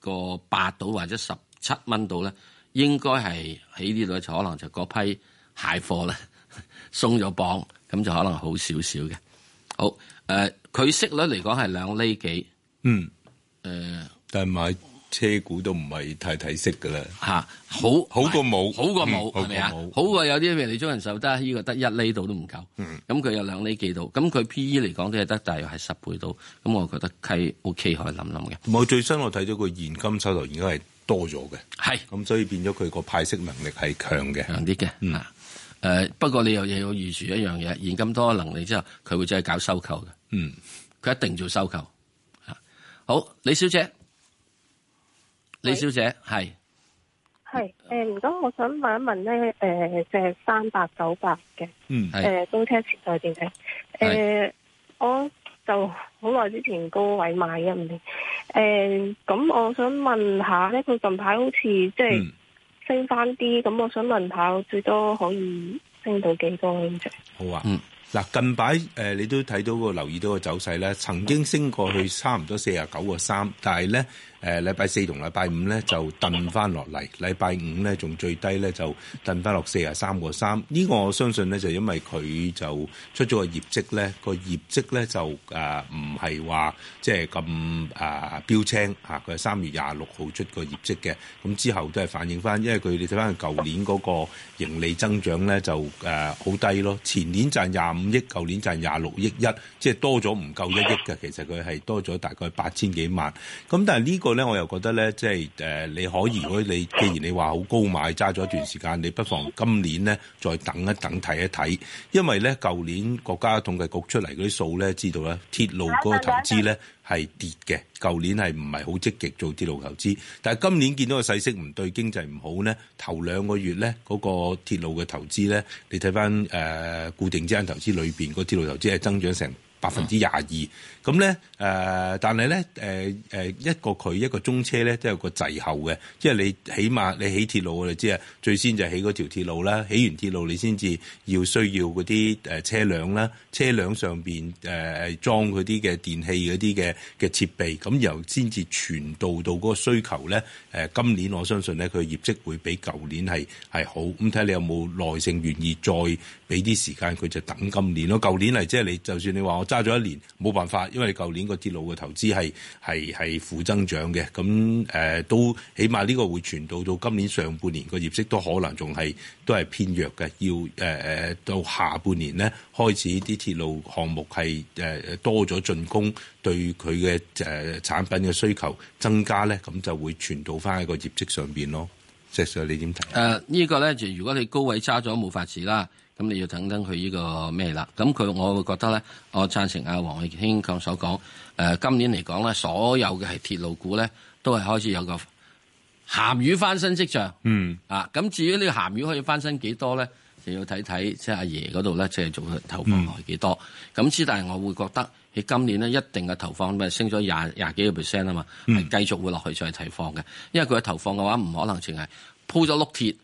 個八度或者十七蚊度咧，應該係喺呢度。就可能就嗰批蟹貨咧鬆咗磅，咁就可能好少少嘅。好，誒、呃、佢息率嚟講係兩厘幾，嗯，誒、呃。但買車股都唔係太睇息嘅啦，好好過冇，好過冇，好過有啲譬如你中人壽得，依、呢個得一厘度都唔夠，咁、嗯、佢有兩厘幾度，咁佢 P E 嚟講都係得，大約係十倍到，咁我覺得係 OK 可以諗諗嘅。唔係最新我睇咗佢現金收入應該係多咗嘅，係咁，所以變咗佢個派息能力係強嘅，強啲嘅，嗱、嗯，誒、啊、不過你又又要預住一樣嘢，現金多嘅能力之後，佢會真係搞收購嘅，嗯，佢一定做收購嚇。好，李小姐。李小姐係係誒，唔該，如果我想問一問咧，誒、呃，即係三八九八嘅，嗯，誒、呃，中車時代點睇？誒、呃，我就好耐之前高位買咗，誒、呃，咁我想問下咧，佢近排好似即係升翻啲，咁、嗯、我想問下，最多可以升到幾多咁啫？好啊，嗯，嗱，近排誒，你都睇到個留意到個走勢咧，曾經升過去差唔多四十九個三，但係咧。誒禮拜四同禮拜五咧就燉翻落嚟，禮拜五咧仲最低咧就燉翻落四啊三個三，呢個我相信咧就因為佢就出咗個業績咧，個業績咧就誒唔係話即係咁誒標青嚇，佢係三月廿六號出個業績嘅，咁之後都係反映翻，因為佢哋睇翻佢舊年嗰個盈利增長咧就誒好低咯，前年賺廿五億，舊年賺廿六億一，即係多咗唔夠一億嘅，其實佢係多咗大概八千幾萬，咁但係呢個。咧我又覺得咧，即係誒、呃，你可以，如果你既然你話好高買揸咗一段時間，你不妨今年咧再等一等睇一睇，因為咧舊年國家統計局出嚟嗰啲數咧，知道啦，鐵路嗰個投資咧係跌嘅，舊年係唔係好積極做鐵路投資，但係今年見到個勢息唔對經濟唔好咧，頭兩個月咧嗰、那個鐵路嘅投資咧，你睇返誒固定資產投資裏邊嗰鐵路投資係增長成百分之廿二。咁咧誒，但係咧誒，誒、呃，一個佢一個中車咧，都有個滯後嘅，即係你起碼你起鐵路我哋知啊，最先就起嗰條鐵路啦，起完鐵路你先至要需要嗰啲誒車輛啦，車輛上邊誒裝嗰啲嘅電器嗰啲嘅嘅設備，咁由先至傳導到嗰個需求咧。誒、呃，今年我相信咧佢業績會比舊年係係好，咁睇下你有冇耐性願意再俾啲時間佢就等今年咯。舊年嚟即係你就算你話我揸咗一年冇辦法。因為舊年個鐵路嘅投資係係係負增長嘅，咁誒都起碼呢個會傳到到今年上半年個業績都可能仲係都係偏弱嘅，要誒誒、呃、到下半年咧開始啲鐵路項目係誒、呃、多咗進攻，對佢嘅誒產品嘅需求增加咧，咁就會傳導到翻喺個業績上邊咯。石 Sir 你點睇？誒、這個、呢個咧就如果你高位揸咗冇法事啦。咁你要等等佢呢個咩啦？咁佢我會覺得咧，我贊成阿黃瑋傑剛所講。誒、呃，今年嚟講咧，所有嘅係鐵路股咧，都係開始有個鹹魚翻身跡象。嗯。啊，咁至於呢個鹹魚可以翻身幾多咧，就要睇睇即係阿爺嗰度咧，即係做嘅投放落去幾多。咁、嗯、之但係我會覺得喺今年咧，一定嘅投放咪升咗廿廿幾個 percent 啊嘛，係、嗯、繼續會落去再投放嘅，因為佢嘅投放嘅話唔可能淨係鋪咗碌鐵，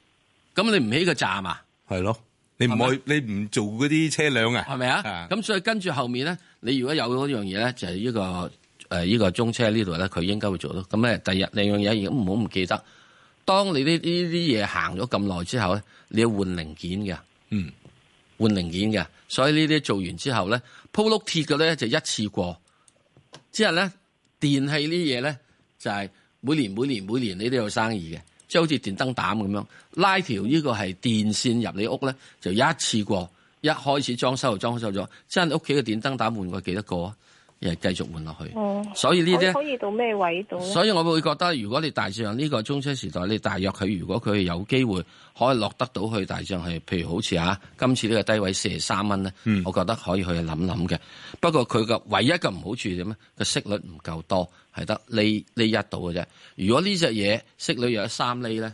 咁你唔起個站啊？係咯。你唔好，你唔做嗰啲車輛啊？係咪啊？咁所以跟住後面咧，你如果有嗰樣嘢咧，就係呢個誒，呢個中車呢度咧，佢應該會做到。咁咧，第日另一樣嘢，唔好唔記得。當你呢呢啲嘢行咗咁耐之後咧，你要換零件嘅，嗯，換零件嘅。所以呢啲做完之後咧，鋪碌鐵嘅咧就一次過。之後咧電器呢嘢咧就係每年每年每年你都有生意嘅。即係好似電燈膽咁樣，拉條呢個係電線入你屋咧，就一次過，一開始裝修就裝修咗。即係你屋企嘅電燈膽換過幾多個啊？又繼續換落去，嗯，所以呢啲可，可以到咩位？所以我會覺得，如果你大致上呢，呢個中車時代，你大約佢如果佢有機會可以落得到去大致上係譬如好似嚇，啊，今次呢個低位四十三蚊咧，我覺得可以去諗諗嘅。不過佢嘅唯一嘅唔好處點啊？個息率唔夠多，係得呢一度嘅啫。如果呢隻嘢息率有三厘咧，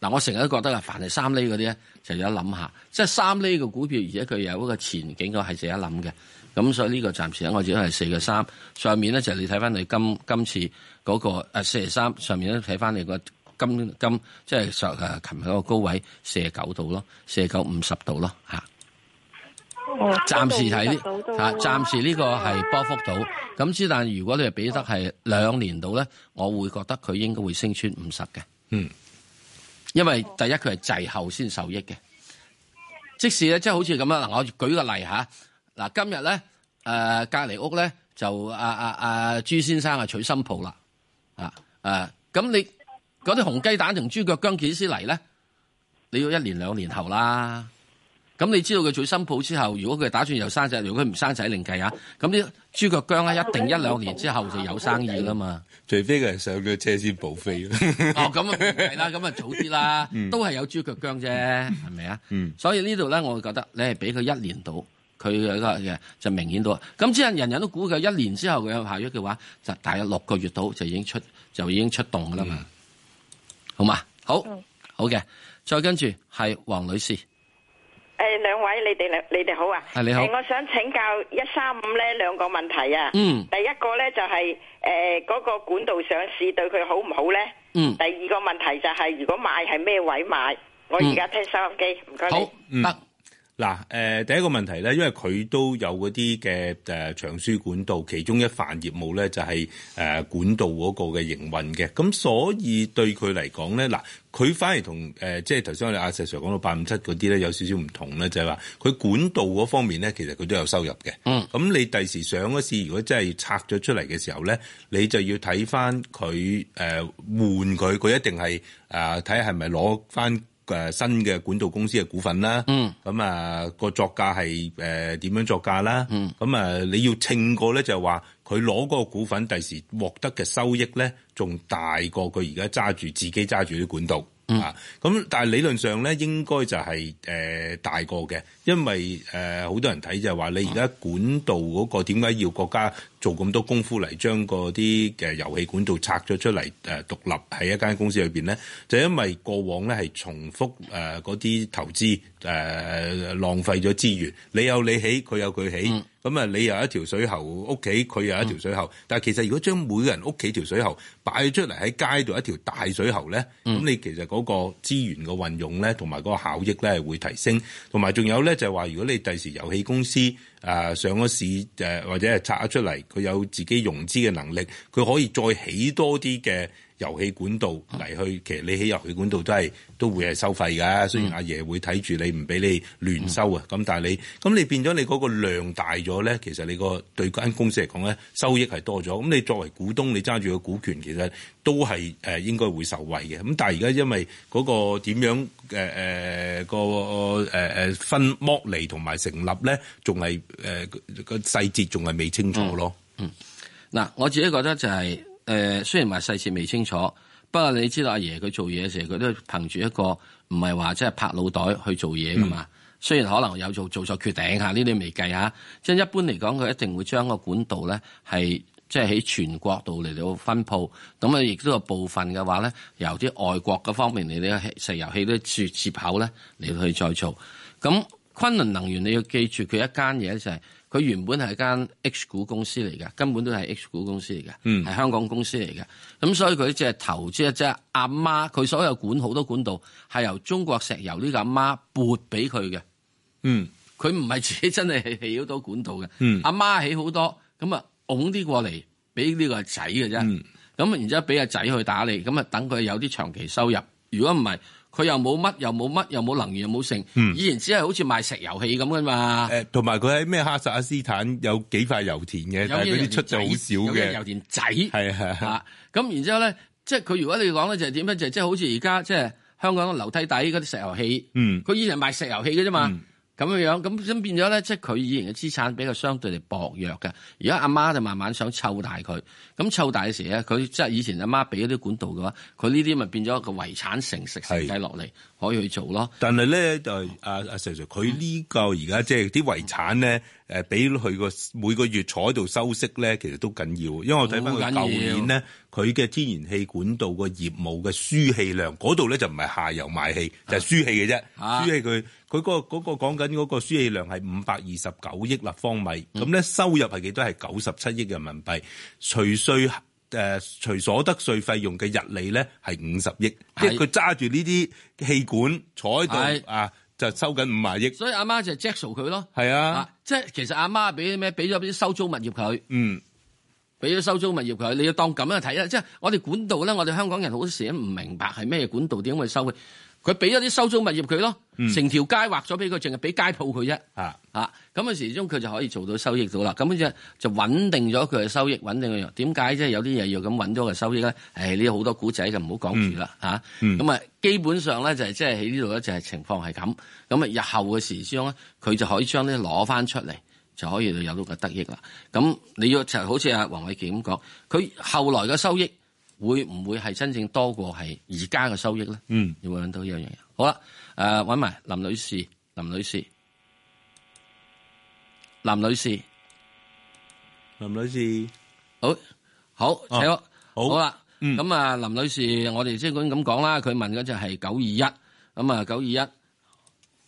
嗱我成日都覺得啊，凡係三厘嗰啲咧，就而家諗下，即係三厘嘅股票，而且佢有一個前景，我係而家諗嘅。咁、嗯、所以呢個暫時咧，我只係四個三。上面咧就係、是、你睇翻你今今次嗰、那個誒四十三上面咧睇翻你個今今即係上誒琴日嗰個高位四廿九度咯，四十九五十度咯吓。暫、啊嗯、時睇吓，暫、嗯、時呢個係波幅到。咁、啊、之但如果你係比得係兩年度咧，我會覺得佢應該會升穿五十嘅。嗯，因為第一佢係滯後先受益嘅，即使咧即係好似咁啦，我舉個例吓。嗱，今日咧，誒隔離屋咧就阿阿、啊啊啊、朱先生啊娶新抱啦，啊咁、啊、你嗰啲紅雞蛋同豬腳姜幾時嚟咧？你要一年兩年後啦。咁你知道佢娶新抱之後，如果佢打算又生仔，如果佢唔生仔另計啊。咁啲豬腳姜咧一定一兩年之後就有生意啦嘛。除非佢係上咗車先保飛咯。 哦，咁啊係啦，咁啊早啲啦，嗯、都係有豬腳姜啫，係、嗯、咪啊？嗯。所以呢度咧，我覺得你係俾佢一年到。佢嘅嘅就明顯到，咁即係人人都估計一年之後佢有效益嘅話，就大約六個月度就已經出就已經出動噶啦嘛，嗯、好嘛？好，嗯、好嘅，再跟住係黃女士。誒，兩位你哋你哋好啊，係你好、嗯，我想請教一三五呢兩個問題啊，第一個咧就係、是、嗰、呃那個管道上市對佢好唔好咧？嗯，嗯，第二個問題就係、是、如果買係咩位買？我而家聽收音機，唔該。好，得、嗯。嗱，誒第一個問題咧，因為佢都有嗰啲嘅誒長輸管道，其中一範業務咧就係誒管道嗰個嘅營運嘅，咁所以對佢嚟講咧，嗱佢反而同誒即係頭先我哋阿石 Sir 講到八五七嗰啲咧有少少唔同咧，就係話佢管道嗰方面咧，其實佢都有收入嘅。嗯，咁你第時上嗰次如果真係拆咗出嚟嘅時候咧，你就要睇翻佢誒換佢，佢、呃、一定係誒睇下係咪攞翻。呃看看是誒新嘅管道公司嘅股份啦，咁啊個作價係誒點樣作價啦？咁、嗯、啊你要稱過咧，就係話佢攞嗰個股份第時獲得嘅收益咧，仲大過佢而家揸住自己揸住啲管道、嗯、啊？咁但係理論上咧，應該就係、是、誒、呃、大過嘅，因為誒好、呃、多人睇就係話你而家管道嗰、那個點解要國家？做咁多功夫嚟將嗰啲嘅遊戲管道拆咗出嚟，誒、呃、獨立喺一間公司裏面。咧，就因為過往咧係重複誒嗰啲投資誒、呃、浪費咗資源，你有你起，佢有佢起，咁、嗯、啊你有一條水喉屋企，佢有一條水喉。嗯、但其實如果將每個人屋企條水喉擺出嚟喺街度一條大水喉咧，咁你其實嗰個資源嘅運用咧，同埋嗰個效益咧會提升。同埋仲有咧就係話，如果你第時遊戲公司。誒，上咗市誒，或者係拆咗出嚟，佢有自己融資嘅能力，佢可以再起多啲嘅。油氣管道嚟去，其實你喺油氣管道都係都會係收費㗎。雖然阿爺，爺會睇住你，唔俾你亂收啊。咁但係你咁你變咗你嗰個量大咗咧，其實你、嗰個對間公司嚟講咧，收益係多咗。咁你作為股東，你揸住個股權，其實都係誒應該會受惠嘅。咁但係而家因為嗰個點樣誒個個分剝離同埋成立咧，仲係誒個細節仲係未清楚咯。嗯，嗱、嗯，我自己覺得就係、是。誒，雖然話細節未清楚，不過你知道阿爺佢做嘢嘅時候，佢都憑住一個唔係話即係拍腦袋去做嘢噶嘛、嗯。雖然可能有做做錯決定嚇，呢啲未計嚇。即係一般嚟講，佢一定會將個管道咧係即係喺全國度嚟到分佈。咁啊，亦都有部分嘅話咧，由啲外國嘅方面嚟咧石油氣咧接接口咧嚟到去再做。咁昆侖能源你要記住佢一間嘢就係、是。佢原本係間 H 股公司嚟嘅，根本都係 H 股公司嚟嘅，係、嗯、香港公司嚟嘅。咁所以佢即係投資一隻阿媽，佢、就是、所有管好多管道係由中國石油呢個阿媽撥俾佢嘅。嗯，佢唔係自己真係起好多管道嘅。嗯，阿媽起好多，咁啊拱啲過嚟俾呢個仔嘅啫。咁、嗯、然之後俾阿仔去打理，咁啊等佢有啲長期收入。如果唔係，佢又冇乜，又冇乜，又冇能源，又冇剩，嗯。以前只係好似賣石油氣咁嘅嘛。誒，同埋佢喺咩哈薩克斯坦有幾塊油田嘅，但係啲出咗好少嘅。油田仔係係咁，然之後咧，即係佢如果你講咧，就係點咧？就係、是、即係好似而家即係香港個樓梯底嗰啲石油氣。嗯，佢以前賣石油氣嘅啫嘛。嗯。咁樣樣，咁變變咗咧，即係佢以前嘅資產比較相對嚟薄弱嘅，而家阿媽就慢慢想湊大佢，咁湊大嘅時咧，佢即係以前阿媽俾嗰啲管道嘅話，佢呢啲咪變咗個遺產承食繼落嚟。可以去做咯，但係咧、啊啊嗯、就阿阿 Sir Sir，佢呢個而家即係啲遺產咧，誒俾佢個每個月坐喺度收息咧，其實都緊要，因為我睇翻佢舊年咧，佢嘅天然氣管道個業務嘅輸氣量嗰度咧就唔係下游賣氣，就係輸氣嘅啫，輸、啊、氣佢佢、嗰個嗰、嗰個講緊嗰個輸氣量係五百二十九億立方米，咁、嗯、咧收入係幾多？係九十七億人民幣，除稅。誒、呃，除所得稅費用嘅日利咧係五十億，即係佢揸住呢啲氣管坐喺度啊，就收緊五萬億。所以阿媽就 jack so 佢咯，係啊，啊，即係其實阿媽俾咩，俾咗啲收租物業佢，嗯，俾咗收租物業佢，你要當咁樣睇啦，即係我哋管道咧，我哋香港人好多時都唔明白係咩管道點會收佢。佢俾咗啲收租物業佢咯，成、嗯、條街劃咗俾佢，淨係俾街鋪佢啫。啊，咁啊，時中佢就可以做到收益到啦。咁啊，就穩定咗佢嘅收益，穩定嘅樣。點解即係有啲嘢要咁揾咗嘅收益咧？誒、哎，呢好多古仔就唔好講住啦。吓，咁啊，嗯、啊基本上咧就係即係喺呢度咧就係情況係咁。咁啊，日後嘅時之中咧，佢就可以將呢攞翻出嚟，就可以有到個得益啦。咁你要就好似阿黃瑋杰咁講，佢後來嘅收益。會唔會係真正多過係而家嘅收益咧？嗯，有冇搵到有樣嘢？好啦，誒，揾埋林女士，林女士，林女士，林女士，好好，請我好啦。嗯，咁啊，林女士，我哋即管咁講啦。佢問嘅就係九二一，咁啊九二一，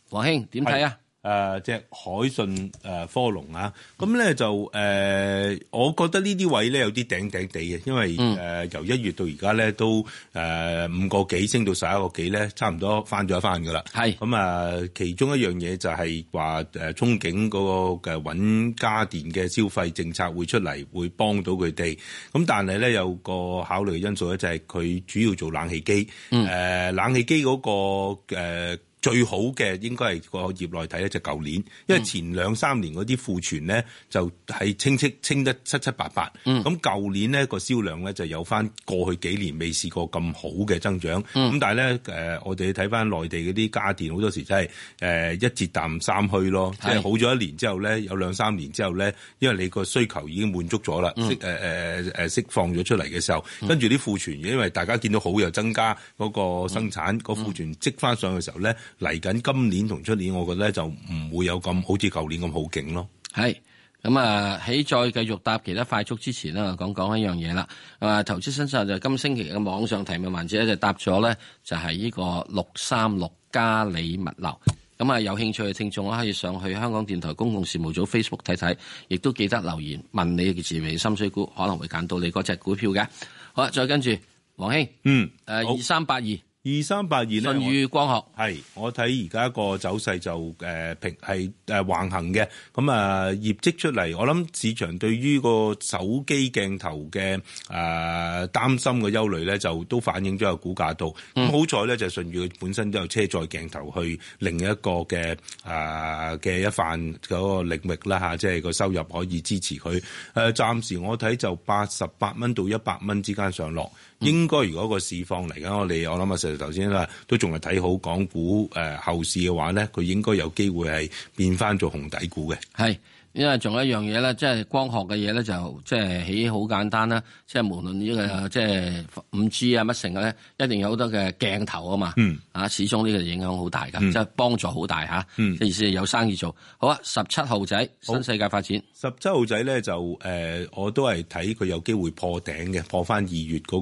黃兄點睇？啊？即、呃、只、就是、海信誒、呃、科龍啊，咁咧就誒、呃，我覺得呢啲位咧有啲頂頂地嘅，因為誒、嗯呃、由一月到而家咧都誒五、呃、個幾升到十一個幾咧，差唔多翻咗一翻噶啦。咁啊、呃，其中一樣嘢就係話誒，憧憬嗰個嘅揾家電嘅消費政策會出嚟，會幫到佢哋。咁但係咧有個考慮嘅因素咧，就係、是、佢主要做冷氣機，誒、嗯呃、冷氣機嗰、那個、呃最好嘅應該係個業內睇咧就舊、是、年，因為前兩三年嗰啲庫存咧就係清清清得七七八八。咁、嗯、舊年咧個銷量咧就有翻過去幾年未試過咁好嘅增長。咁、嗯、但係咧誒，我哋睇翻內地嗰啲家電，好多時真係誒一節淡三墟咯。即係、就是、好咗一年之後咧，有兩三年之後咧，因為你個需求已經滿足咗啦，釋誒誒誒放咗出嚟嘅時候，跟住啲庫存，因為大家見到好又增加嗰個生產，個、嗯、庫存積翻上嘅時候咧。嚟緊今年同出年，我覺得就唔會有咁好似舊年咁好勁咯。係咁啊！喺再繼續答其他快速之前啦，講講一樣嘢啦。啊，投資新世代就今星期嘅網上提問環節咧，就答咗咧就係、是、呢個六三六嘉里物流。咁啊，有興趣嘅聽眾可以上去香港電台公共事務組 Facebook 睇睇，亦都記得留言問你嘅自己心水股，可能會揀到你嗰隻股票嘅。好啦，再跟住黃興，嗯，誒、呃，二三八二。二三八二順宇光學，係我睇而家個走勢就誒平係誒橫行嘅，咁啊業績出嚟，我諗、啊啊、市場對於個手機鏡頭嘅誒擔心嘅憂慮咧，就都反映咗個股價度。咁、嗯、好彩咧就順宇本身都有車載鏡頭去另一個嘅誒嘅一範嗰個領域啦吓，即、啊、係、就是、個收入可以支持佢。誒、啊，暫時我睇就八十八蚊到一百蚊之間上落。嗯、應該如果個市況嚟緊，我哋我諗啊，成頭先啦，都仲係睇好港股誒後市嘅話咧，佢應該有機會係變翻做紅底股嘅。係。因為仲有一樣嘢咧，即係光學嘅嘢咧，就即係起好簡單啦。即係無論呢個即係五 G 啊乜成嘅咧，一定有好多嘅鏡頭啊嘛。啊，嗯，始終呢個影響好大嘅，嗯，即係幫助好大嚇。嗯，即係意思係有生意做。好啊，十七號仔新世界發展。十七號仔咧就誒，我都係睇佢有機會破頂嘅，破翻二月嗰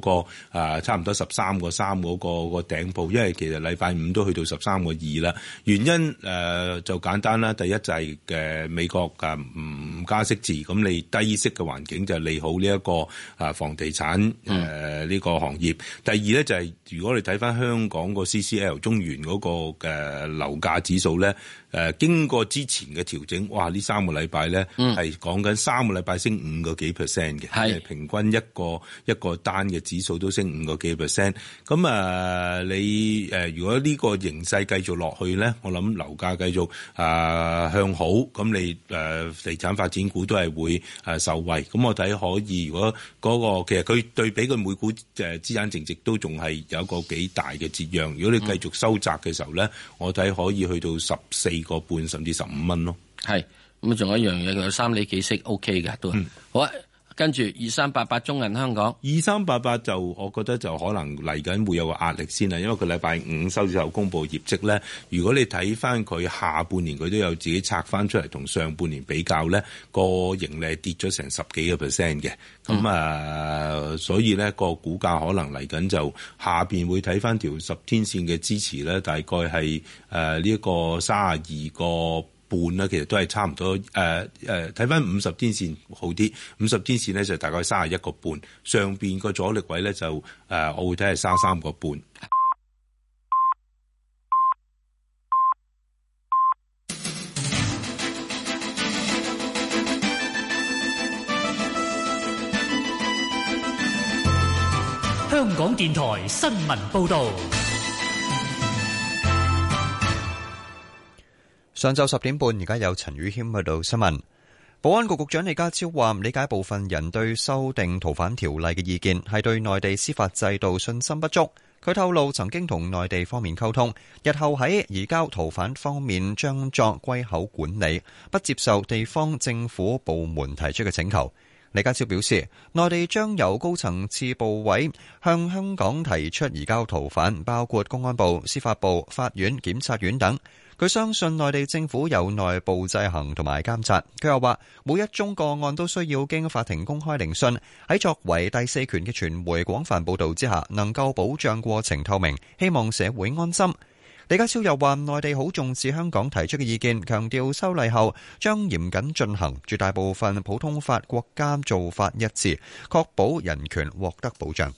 個，差唔多十三個三嗰個個頂部。因為其實禮拜五都去到十三個二啦。原因誒就簡單啦，第一就係嘅美國嘅。唔加息字，咁你低息嘅環境就利好呢一個啊房地產。誒，呢個行業、嗯、第二咧就係、是、如果你睇翻香港個 CCL 中原嗰個嘅樓價指數咧。誒經過之前嘅調整，哇！呢三個禮拜咧係講緊三個禮拜升五個幾 percent 嘅，平均一個一個單嘅指數都升五個幾 percent。咁啊、呃，你誒、呃、如果呢個形勢繼續落去咧，我諗樓價繼續啊、呃、向好，咁你誒、呃、地產發展股都係會受惠。咁我睇可以，如果嗰、嗰個其實佢對比佢每股資產淨值都仲係有一個幾大嘅折讓。如果你繼續收窄嘅時候咧、嗯，我睇可以去到十四。二個半甚至十五蚊咯，係咁啊！仲有一樣嘢，佢有三厘幾息，O K 嘅都係、嗯、好啊。跟住二三八八中銀香港，二三八八就我覺得就可能嚟緊會有個壓力先啦，因為佢禮拜五收市後公佈業績咧。如果你睇翻佢下半年佢都有自己拆翻出嚟，同上半年比較咧，個盈利跌咗成十幾個 percent 嘅。咁啊、嗯，所以咧個股價可能嚟緊就下面會睇翻條十天線嘅支持咧，大概係誒呢一個三十二個。半啦，其實都係差唔多。誒誒，睇翻五十天線好啲，五十天線咧就大概三十一個半，上邊個阻力位咧就誒，我會睇係三三個半。香港電台新聞報導。上晝十點半，而家有陳宇軒去到新聞。保安局局長李家超話：理解部分人對修訂逃犯條例嘅意見係對內地司法制度信心不足。佢透露曾經同內地方面溝通，日後喺移交逃犯方面將作歸口管理，不接受地方政府部門提出嘅請求。李家超表示，內地將由高層次部委向香港提出移交逃犯，包括公安部、司法部、法院、檢察院等。佢相信內地政府有內部制衡同埋監察。佢又話：每一宗個案都需要經法庭公開聆訊，喺作為第四權嘅傳媒廣泛報導之下，能夠保障過程透明，希望社會安心。李家超又話：內地好重視香港提出嘅意見，強調修例後將嚴謹進行，絕大部分普通法國家做法一致，確保人權獲得保障。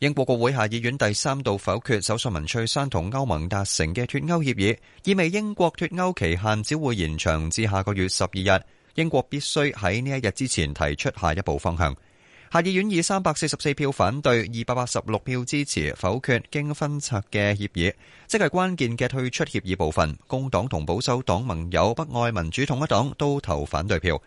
英國國會下議院第三度否決首相文翠珊同歐盟達成嘅脱歐協議，意味英國脱歐期限只會延長至下個月十二日。英國必須喺呢一日之前提出下一步方向。下議院以三百四十四票反對、二百八十六票支持否決經分拆嘅協議，即係關鍵嘅退出協議部分。工黨同保守黨盟友、北愛民主統一黨都投反對票。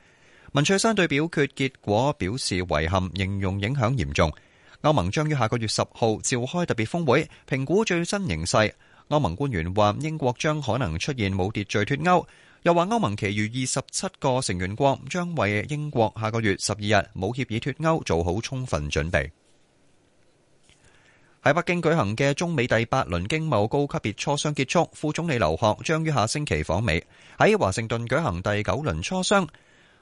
文翠珊對表決結果表示遺憾，形容影響嚴重。歐盟將於下個月十號召開特別峰會，評估最新形勢。歐盟官員話，英國將可能出現冇秩序脱歐，又話歐盟其餘二十七個成員國將為英國下個月十二日冇協議脱歐做好充分準備。喺北京舉行嘅中美第八輪經貿高級別磋商結束，副總理劉鶴將於下星期訪美。喺華盛頓舉行第九輪磋商。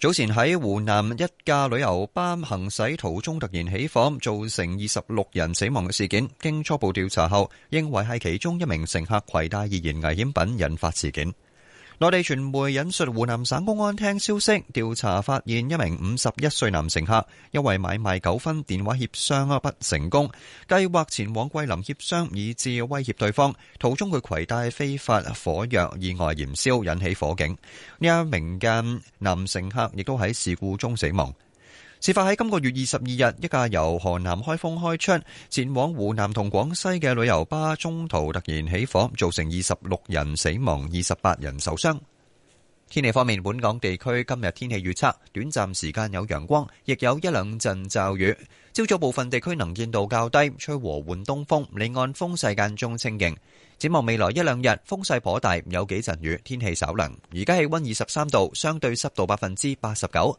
早前喺湖南一架旅遊班行駛途中突然起火，造成二十六人死亡嘅事件，經初步調查後，認為係其中一名乘客攜帶易燃危險品引發事件。內地傳媒引述湖南省公安廳消息，調查發現一名五十一歲男乘客，因為買賣糾紛電話協商啊不成功，計劃前往桂林協商，以致威脅對方。途中佢携帶非法火藥，意外燃燒引起火警。呢一名嘅男乘客亦都喺事故中死亡。事發喺今個月二十二日，一架由河南開封開出前往湖南同廣西嘅旅遊巴，中途突然起火，造成二十六人死亡、二十八人受傷。天氣方面，本港地區今日天氣預測，短暫時間有陽光，亦有一兩陣驟雨。朝早部分地區能見度較低，吹和緩東風，離岸風勢間中清勁。展望未來一兩日，風勢頗大，有幾陣雨，天氣稍涼。而家氣温二十三度，相對濕度百分之八十九。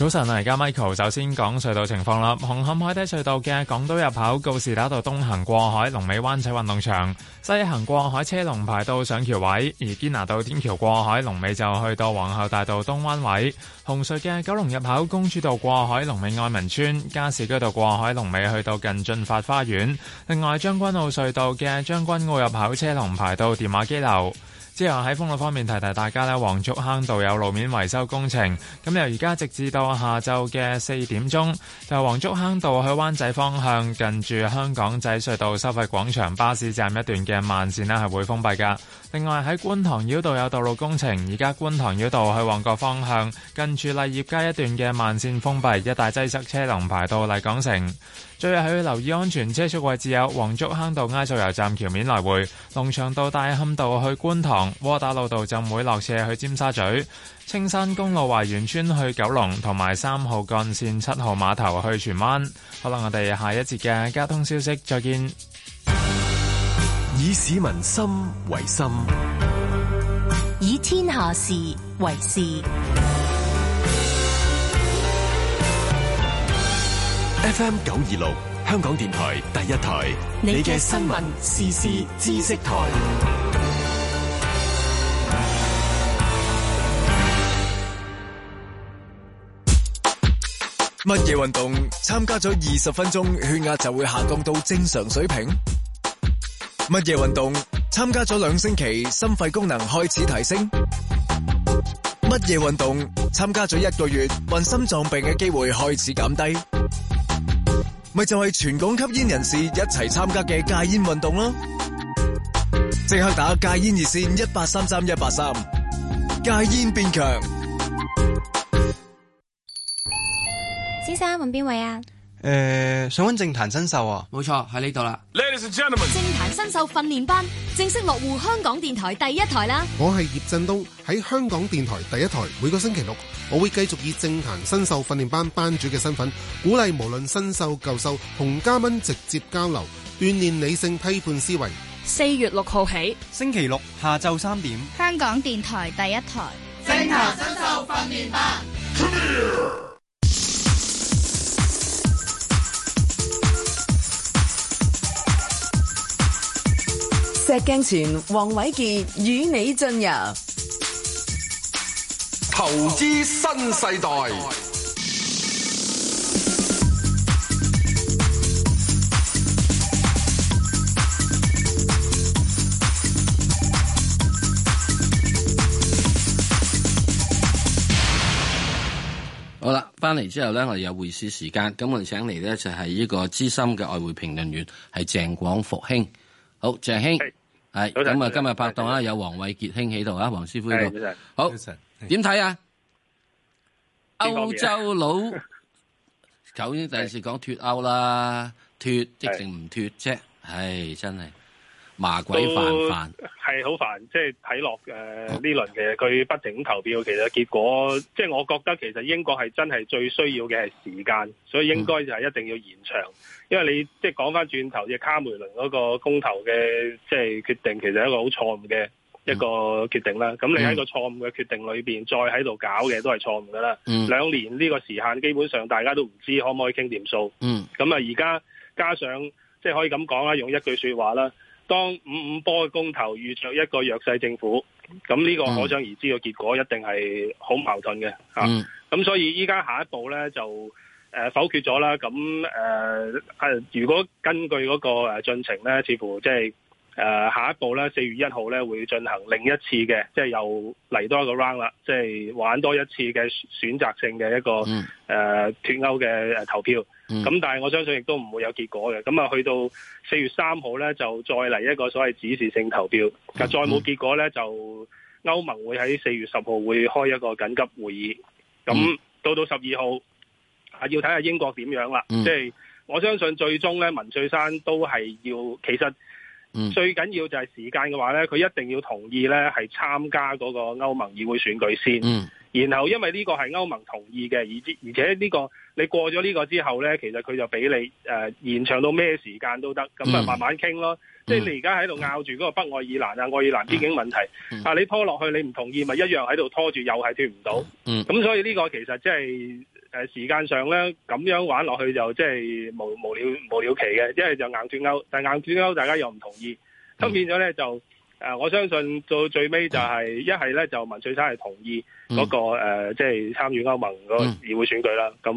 早晨啊，而家 Michael 首先講隧道情況啦。紅磡海底隧道嘅港島入口告士打道東行過海，龍尾灣仔運動場；西行過海車龍排到上橋位。而堅拿道天橋過海龍尾就去到皇后大道東灣位。紅隧嘅九龍入口公主道過海龍尾愛民村，加士居道過海龍尾去到近駿發花園。另外將軍澳隧道嘅將軍澳入口車龍排到電話機樓。之後喺封路方面提提大家咧，黃竹坑道有路面維修工程，咁由而家直至到下晝嘅四點鐘，就黃竹坑道去灣仔方向近住香港仔隧道收費廣場巴士站一段嘅慢線呢係會封閉噶。另外喺觀塘繞道有道路工程，而家觀塘繞道去旺角方向近住麗業街一段嘅慢線封閉，一帶擠塞車龍排到麗港城。最後喺留意安全車速位置有黃竹坑道埃索油站橋面來回，龍翔道大磡道去觀塘，窩打老道就唔會落車去尖沙咀，青山公路華園村去九龍，同埋三號幹線七號碼頭去荃灣。好啦，我哋下一節嘅交通消息再見。以市民心為心，以天下事為事。FM 九二六，香港電台第一台，你嘅新聞、新聞時事、知識台。乜嘢運動參加咗二十分鐘，血壓就會下降到正常水平？乜嘢運動參加咗兩星期，心肺功能開始提升；乜嘢運動參加咗一個月，患心臟病嘅機會開始減低。咪就係全港吸煙人士一齊參加嘅戒煙運動咯！即刻打戒煙熱線一八三三一八三，戒煙變強。先生，問邊位啊？誒、呃，想搵政壇新秀啊、哦？冇錯，喺呢度啦。Ladies and gentlemen，政壇新秀訓練班正式落戶香港電台第一台啦。我係葉振東，喺香港電台第一台，每個星期六我會繼續以政壇新秀訓練班班主嘅身份，鼓勵無論新秀舊秀同嘉賓直接交流，鍛煉理性批判思維。四月六號起，星期六下晝三點，香港電台第一台政壇新秀訓練班。 石鏡泉，黃瑋傑與你進入投資新，新世代。好啦，翻嚟之後咧，我哋有會試時間，咁我哋請嚟咧就係、是、呢個資深嘅外匯評論員，係鄭廣復兄。好，鄭兄。咁今日拍檔啊，有黃瑋傑兄喺度啊，黃師傅喺度。好，點睇啊？歐洲佬頭先第時講脫歐啦，脫即成唔脫啫，唉、 就是哎，真係。麻鬼煩煩，係好煩，即係睇落誒呢輪嘅佢不停投票，其實結果即係、就是、我覺得其實英國係真係最需要嘅係時間，所以應該就係一定要延長，嗯、因為你即係講翻轉頭嘅卡梅倫嗰個公投嘅即係決定，其實係一個好錯誤嘅一個決定啦。咁、嗯、你喺個錯誤嘅決定裏面再喺度搞嘅都係錯誤噶啦、嗯。兩年呢個時限基本上大家都唔知可唔可以傾掂數。咁、嗯、啊，而家加上即係、就是、可以咁講啦，用一句説話啦。當五五波嘅公投遇着一個弱勢政府，咁呢個可想而知嘅結果一定係好矛盾嘅嚇。咁、嗯啊、所以依家下一步呢，就誒、呃、否決咗啦。咁誒係如果根據嗰個誒進程呢，似乎即、就、係、是。誒、呃、下一步咧，四月一號咧會進行另一次嘅，即係又嚟多一個 round 啦，即係玩多一次嘅選擇性嘅一個誒脫歐嘅投票。咁、嗯、但係我相信亦都唔會有結果嘅。咁啊，去到四月三號咧，就再嚟一個所謂指示性投票。嗯、再冇結果咧，就歐盟會喺四月十號會開一個緊急會議。咁到到十二號，啊要睇下英國點樣啦、嗯。即係我相信最終咧，文翠珊都係要其實。嗯、最緊要就係時間嘅話呢，佢一定要同意呢係參加嗰個歐盟議會選舉先。嗯、然後因為呢個係歐盟同意嘅，而而且呢、呢個你過咗呢個之後呢，其實佢就俾你誒、呃、延長到咩時間都得，咁咪慢慢傾咯。嗯、即係你而家喺度拗住嗰個北愛爾蘭啊，愛爾蘭邊境問題，但、嗯嗯啊、你拖落去你唔同意，咪一樣喺度拖住，又係脫唔到。咁所以呢個其實即係。誒時間上咧，咁樣玩落去就即係無無了無了期嘅，一係就硬脫歐，但硬脫歐大家又唔同意，咁、嗯、變咗咧就誒、呃、我相信到最尾就係一係咧就文翠珊係同意嗰、那個即係、嗯呃就是、參與歐盟嗰個議會選舉啦，咁、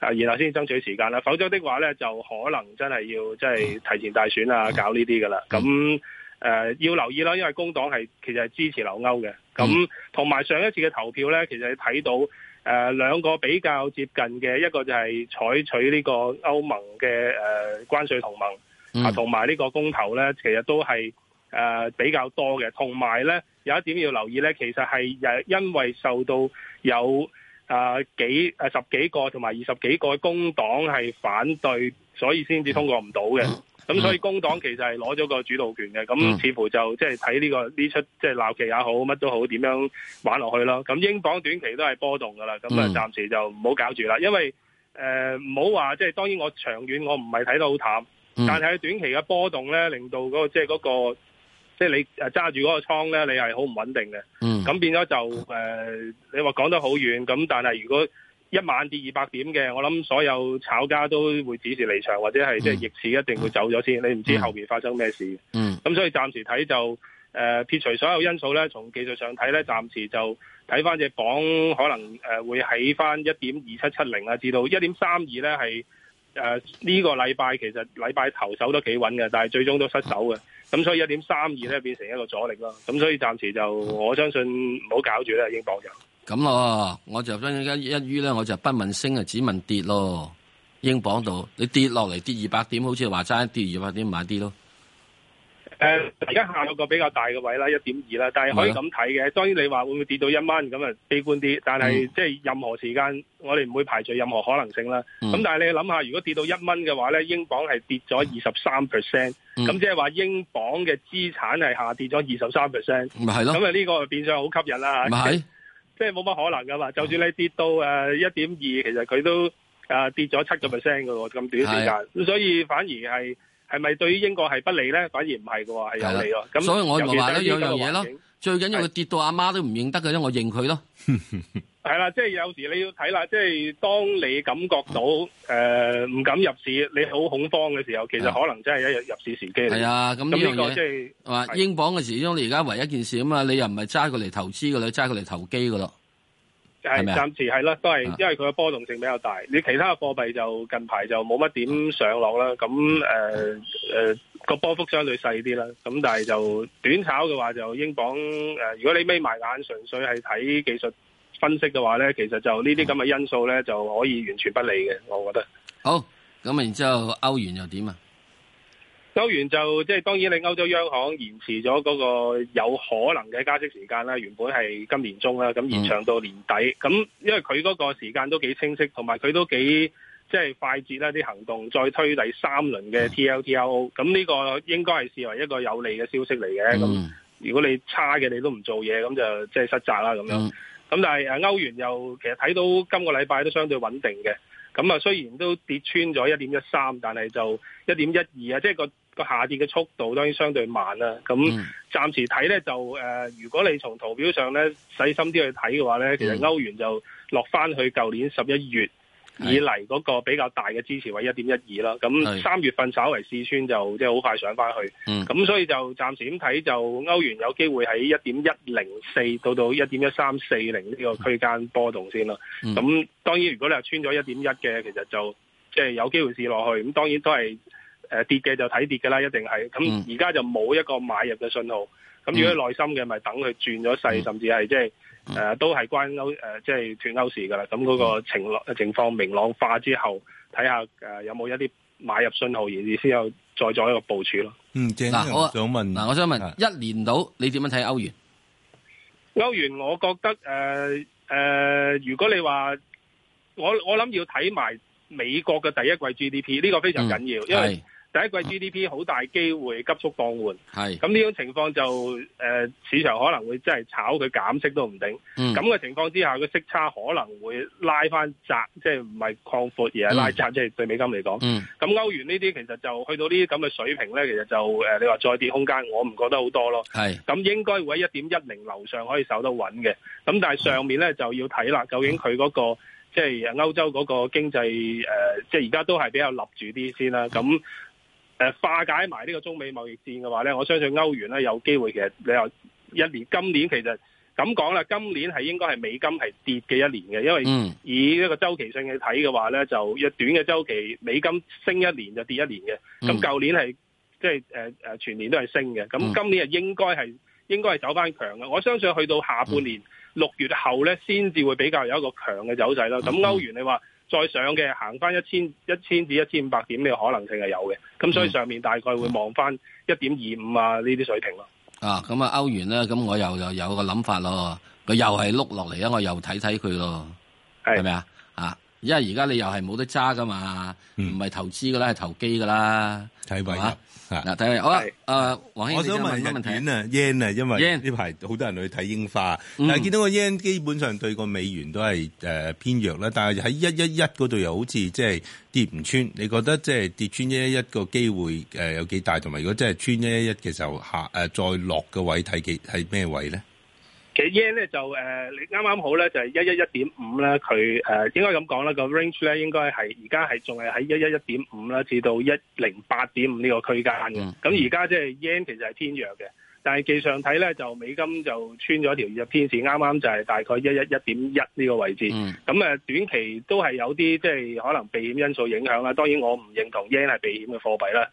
嗯、然後先爭取時間啦，否則的話咧就可能真係要即係、就是、提前大選啊，搞呢啲噶啦，咁、嗯、誒、呃、要留意啦，因為工黨係其實係支持留歐嘅，咁同埋上一次嘅投票咧，其實你睇到。誒、呃、兩個比較接近嘅，一個就係採取呢個歐盟嘅誒、呃、關稅稅同盟，同埋呢個公投呢其實都係誒、呃、比較多嘅。同埋呢，有一點要留意呢，其實係誒因為受到有啊、呃、幾啊十幾個同埋二十幾個的工黨係反對，所以先至通過唔到嘅。嗯。咁、嗯、所以工黨其實係攞咗個主導權嘅，咁似乎就即係睇呢個呢出即係、就是、鬧劇也好，乜都好，點樣玩落去咯？咁英鎊短期都係波動噶啦，咁啊暫時就唔好搞住啦，因為唔好話即係當然我長遠我唔係睇得好淡，嗯、但係短期嘅波動咧，令到嗰、那個即係嗰個即係、就是、你揸住嗰個倉咧，你係好唔穩定嘅。咁、嗯、變咗就、呃、你話講得好遠，咁但係如果。一晚跌二百點嘅，我諗所有炒家都會指示離場，或者係即係逆市一定會走咗先、嗯。你唔知後面發生咩事。嗯。咁所以暫時睇就誒、呃、撇除所有因素咧，從技術上睇咧，暫時就睇翻隻鎊可能、呃、會起翻一點二七七零啊，至到一點三二咧，係呢個禮拜，其實禮拜頭守都幾穩嘅，但係最終都失守嘅。咁、嗯、所以一點三二咧變成一個阻力囉。咁所以暫時就、嗯、我相信唔好搞住咧，英鎊就。咁咯，我就一於咧，我就不問升啊，只問跌咯。英鎊度，你跌落嚟跌二百點，好似話齋跌二百點買啲咯。誒、呃，而家下有個比較大嘅位啦，一點二啦，但係可以咁睇嘅。當然你話會唔會跌到一蚊咁啊？悲觀啲，但係、嗯、即係任何時間，我哋唔會排除任何可能性啦。咁、嗯、但係你諗下，如果跌到一蚊嘅話咧，英鎊係跌咗二十三 percent，咁即係話英鎊嘅資產係下跌咗二十三 percent，咪係咯？咁啊呢個變相好吸引啦。係。即係冇乜可能噶嘛，就算你跌到誒一點二，呃、2, 其實佢都啊、呃、跌咗七個 percent 㗎喎，咁短時間，所以反而係係咪對於英國係不利咧？反而唔係嘅喎，係有利喎。咁所以我咪話一樣嘢咯。最緊要佢跌到阿媽都唔認得嘅咧，我認佢咯。係啦，即係有時你要睇啦，即係當你感覺到誒唔敢入市，你好恐慌嘅時候，其實可能真係一日入市時機嚟。係啊，咁呢樣即係話英鎊嘅時鐘，因為你而家唯一一件事啊嘛，你又唔係揸佢嚟投資嘅啦，揸佢嚟投機㗎咯。係暫時係啦，都係因為佢嘅波動性比較大。你其他嘅貨幣就近排就冇乜點上落啦。咁誒誒。呃呃個波幅相對細啲啦，咁但係就短炒嘅話就英鎊誒，如果你眯埋眼純粹係睇技術分析嘅話咧，其實就呢啲咁嘅因素咧就可以完全不理嘅，我覺得。好，咁然之後歐元又點啊？歐元就即係當然，你歐洲央行延遲咗嗰個有可能嘅加息時間啦。原本係今年中啦，咁延長到年底。咁、嗯、因為佢嗰個時間都幾清晰，同埋佢都幾。即係快捷啦，啲行動再推第三輪嘅 TLTRO 咁、嗯、呢個應該係視為一個有利嘅消息嚟嘅。咁、嗯、如果你差嘅，你都唔做嘢，咁就即係失責啦咁樣。咁、嗯、但係歐元又其實睇到今個禮拜都相對穩定嘅。咁啊，雖然都跌穿咗一點一三，但係就一點一二啊，即係個個下跌嘅速度當然相對慢啦。咁暫時睇咧就誒、呃，如果你從圖表上咧細心啲去睇嘅話咧、嗯，其實歐元就落翻去舊年十一月，以嚟嗰個比較大嘅支持位一點一二啦，咁三月份稍為試穿就即係好快上翻去，咁、嗯、所以就暫時咁睇就歐元有機會喺一點一零四到到一點一三四零呢個區間波動先啦。咁、嗯、當然如果你係穿咗一點一嘅，其實就即係有機會試落去。咁當然都係、呃、跌嘅就睇跌嘅啦，一定係。咁而家就冇一個買入嘅信號。咁如果內心嘅咪等佢轉咗勢，甚至係即係。嗯嗯誒、嗯呃，都係關歐誒、呃，即係脫歐事噶啦。咁嗰個情況情況明朗化之後，睇下誒有冇一啲買入信號，然後再做一個部署咯。嗯，正我想問，嗱、啊啊，我想問，一年到你點樣睇歐元？歐元，我覺得誒誒、呃呃，如果你話我我諗要睇埋美國嘅第一季 GDP，呢個非常緊要、嗯，因為。第一季的 GDP 好大機會急速放緩，係咁呢種情況就誒、呃、市場可能會真係炒佢減息都唔定，咁、嗯、嘅情況之下個息差可能會拉翻窄，即係唔係擴闊而係拉窄，即、嗯、係、就是、對美金嚟講。咁、嗯、歐元呢啲其實就去到呢啲咁嘅水平咧，其實就誒、呃、你話再跌空間，我唔覺得好多咯。係咁應該會喺一點一零樓上可以守得穩嘅，咁但係上面咧就要睇啦、嗯，究竟佢嗰、嗰個即係歐洲嗰個經濟、呃、即係而家都係比較立住啲先啦。咁誒化解埋呢個中美貿易戰嘅話呢，我相信歐元咧有機會。其實你話一年，今年其實咁講啦，今年係應該係美金係跌嘅一年嘅，因為以一個周期性去睇嘅話呢就一短嘅周期，美金升一年就跌一年嘅。咁舊年係即係誒全年都係升嘅，咁今年係應該係應該係走翻強嘅。我相信去到下半年六、嗯、月後呢，先至會比較有一個強嘅走勢啦。咁歐元你話？再上嘅行翻一千一千至一千五百點，呢個可能性係有嘅，咁所以上面大概會望翻一點二五啊呢啲水平咯。啊，咁啊歐元咧，咁我又又有個諗法咯，佢又係碌落嚟啊，我又睇睇佢咯，係咪啊？啊，因為而家你又係冇得揸噶嘛，唔、嗯、係投資噶啦，係投機噶啦，係咪啊？嗱，睇下好啦，黃兄，我想問日元啊，yen 啊,啊，因為呢排好多人去睇櫻花，嗯、但係見到個 yen 基本上對個美元都係誒偏弱啦，但係喺一一一嗰度又好似即係跌唔穿，你覺得即係跌穿一一一個機會誒有幾大？同埋如果真係穿一一一嘅時候下誒再落嘅位睇幾係咩位咧？其實 yen 咧就誒、呃，你啱啱好咧就係一一一點五咧，佢誒應該咁講啦，個 range 咧應該係而家係仲係喺一一一點五啦，至到一零八點五呢個區間嘅。咁而家即係 yen 其實係偏弱嘅，但係技術上睇咧就美金就穿咗條入天線，啱啱就係大概一一一點一呢個位置。咁、嗯、誒短期都係有啲即係可能避險因素影響啦。當然我唔認同 yen 係避險嘅貨幣啦，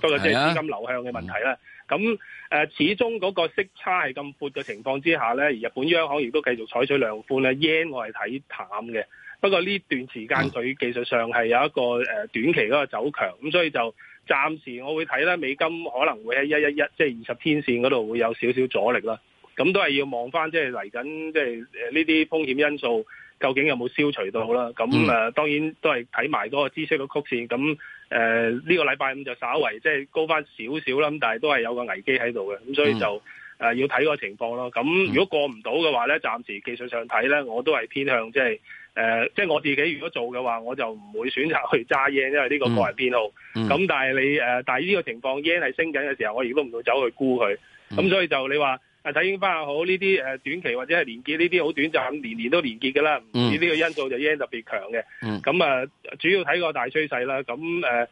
不過即係資金流向嘅問題啦。嗯嗯咁誒、呃，始終嗰個息差係咁闊嘅情況之下咧，日本央行如果繼續採取量寬咧 yen 我係睇淡嘅。不過呢段時間佢技術上係有一個、呃、短期嗰個走強，咁所以就暫時我會睇咧美金可能會喺一一一即係二十天線嗰度會有少少阻力啦。咁都係要望翻即係嚟緊即係呃、呢啲風險因素。究竟有冇消除到好啦？咁誒、嗯啊、當然都係睇埋嗰個知識嘅曲線。咁誒呢個禮拜五就稍為即係高翻少少啦。咁但係都係有個危機喺度嘅。咁所以就誒、呃、要睇個情況咯。咁如果過唔到嘅話咧，暫時技術上睇咧，我都係偏向即係誒，即係我自己如果做嘅話，我就唔會選擇去揸嘢，因為呢個個人偏好。咁但係你誒，但係呢、呃、個情況 yen 係升緊嘅時候，我亦都唔會走去沽佢。咁所以就你話。啊！睇英花又好，呢啲誒短期或者係連結呢啲好短就年年都連結㗎啦，唔知呢個因素就 yen 特別強嘅。咁、嗯、啊，主要睇個大趨勢啦。咁誒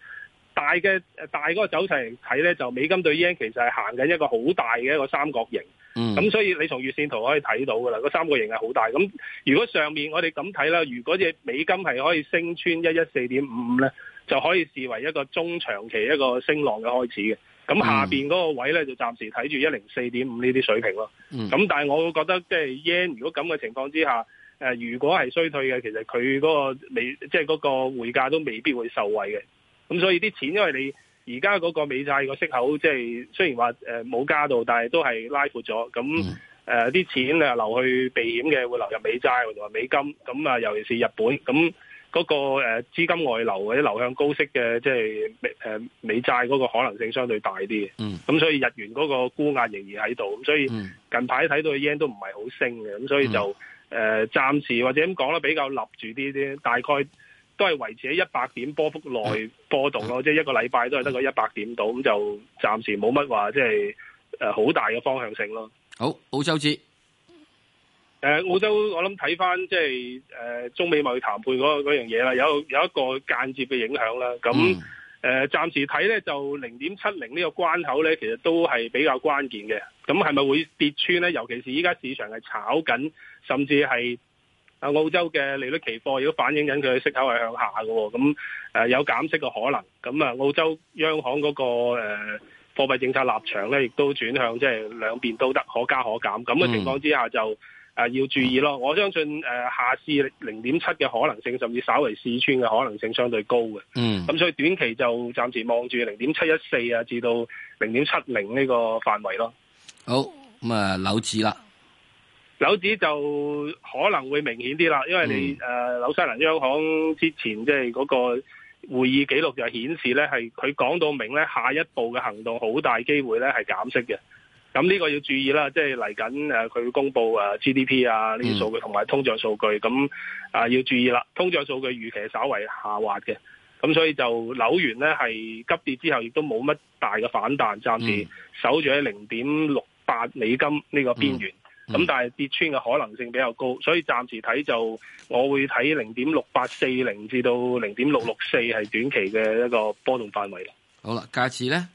大嘅大嗰個走勢嚟睇咧，就美金對 yen 其實係行緊一個好大嘅一個三角形。咁、嗯、所以你從月線圖可以睇到㗎啦，個三角形係好大。咁如果上面我哋咁睇啦，如果隻美金係可以升穿一一四點五五咧，就可以視為一個中長期一個升浪嘅開始嘅。咁、嗯、下邊嗰個位咧就暫時睇住一零四點五呢啲水平咯。咁、嗯、但係我覺得即係 yen，如果咁嘅情況之下，誒、呃、如果係衰退嘅，其實佢嗰、那個美即係嗰個匯價都未必會受惠嘅。咁所以啲錢因為你而家嗰個美債個息口即係、就是、雖然話誒冇加到，但係都係拉闊咗。咁誒啲錢你流去避險嘅，會流入美債，或者美金。咁啊，尤其是日本咁。嗰、那個誒資金外流或者流向高息嘅即係美誒美債嗰個可能性相對大啲。咁、嗯、所以日元嗰個沽壓仍然喺度，咁所以近排睇到嘅 yen 都唔係好升嘅，咁所以就誒、嗯呃、暫時或者咁講啦，比較立住啲啲，大概都係維持喺一百點波幅內波動咯，即、嗯、係、就是、一個禮拜都係得個一百點度，咁就暫時冇乜話即係誒好大嘅方向性咯。好，好，澳洲指。誒、呃，澳洲我諗睇翻即係誒、呃、中美貿易談判嗰嗰樣嘢啦，有有一個間接嘅影響啦。咁誒，暫、mm. 呃、時睇咧，就零點七零呢個關口咧，其實都係比較關鍵嘅。咁係咪會跌穿咧？尤其是依家市場係炒緊，甚至係啊澳洲嘅利率期貨亦都反映緊佢嘅息口係向下嘅、哦，咁誒、呃、有減息嘅可能。咁啊，澳洲央行嗰、嗰個誒貨幣政策立場咧，亦都轉向即係兩邊都得，可加可減。咁嘅情況之下就。Mm. 誒、呃，要注意咯！我相信誒、呃，下次零點七嘅可能性，甚至稍為試穿嘅可能性相對高嘅。嗯，咁所以短期就暫時望住零點七一四啊，至到零點七零呢個範圍咯。好，咁、嗯、啊，樓指啦，樓指就可能會明顯啲啦，因為你誒，紐、呃、西蘭央行之前即係嗰個會議記錄就顯示咧，係佢講到明咧，下一步嘅行動好大機會咧係減息嘅。咁呢個要注意啦，即係嚟緊誒，佢公布誒 GDP 啊呢啲數據，同埋通脹數據，咁啊要注意啦。通脹數據預期稍為下滑嘅，咁所以就紐元呢，係急跌之後，亦都冇乜大嘅反彈，暫時守住喺零點六八美金呢個邊緣。咁、嗯嗯、但係跌穿嘅可能性比較高，所以暫時睇就我會睇零點六八四零至到零點六六四係短期嘅一個波動範圍啦。好啦，下次咧？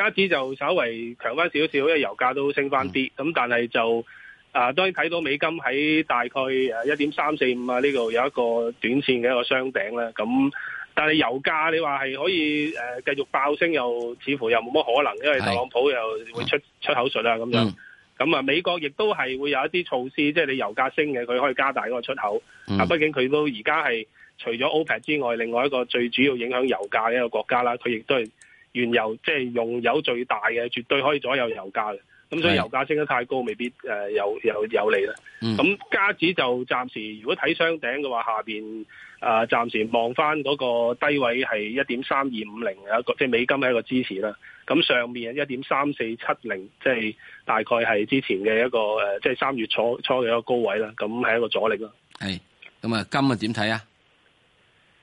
加資就稍微強翻少少，因為油價都升翻啲，咁、嗯、但係就啊、呃，當然睇到美金喺大概誒一點三四五啊呢度有一個短線嘅一個雙頂咧，咁但係油價你話係可以誒繼、呃、續爆升又，又似乎又冇乜可能，因為特朗普又會出、嗯、出口術啊咁樣，咁啊、嗯嗯、美國亦都係會有一啲措施，即係你油價升嘅，佢可以加大嗰個出口，啊、嗯、畢竟佢都而家係除咗 OPEC 之外，另外一個最主要影響油價嘅一個國家啦，佢亦都係。原油即係用油最大嘅，絕對可以左右油價嘅。咁所以油價升得太高，未必誒、呃、有有有利啦。咁、嗯、加子就暫時，如果睇雙頂嘅話，下邊啊暫時望翻嗰個低位係一點三二五零一個即係美金嘅一個支持啦。咁上面一點三四七零，即係大概係之前嘅一個誒，即係三月初初嘅一個高位啦。咁係一個阻力啦。係。咁啊金啊點睇啊？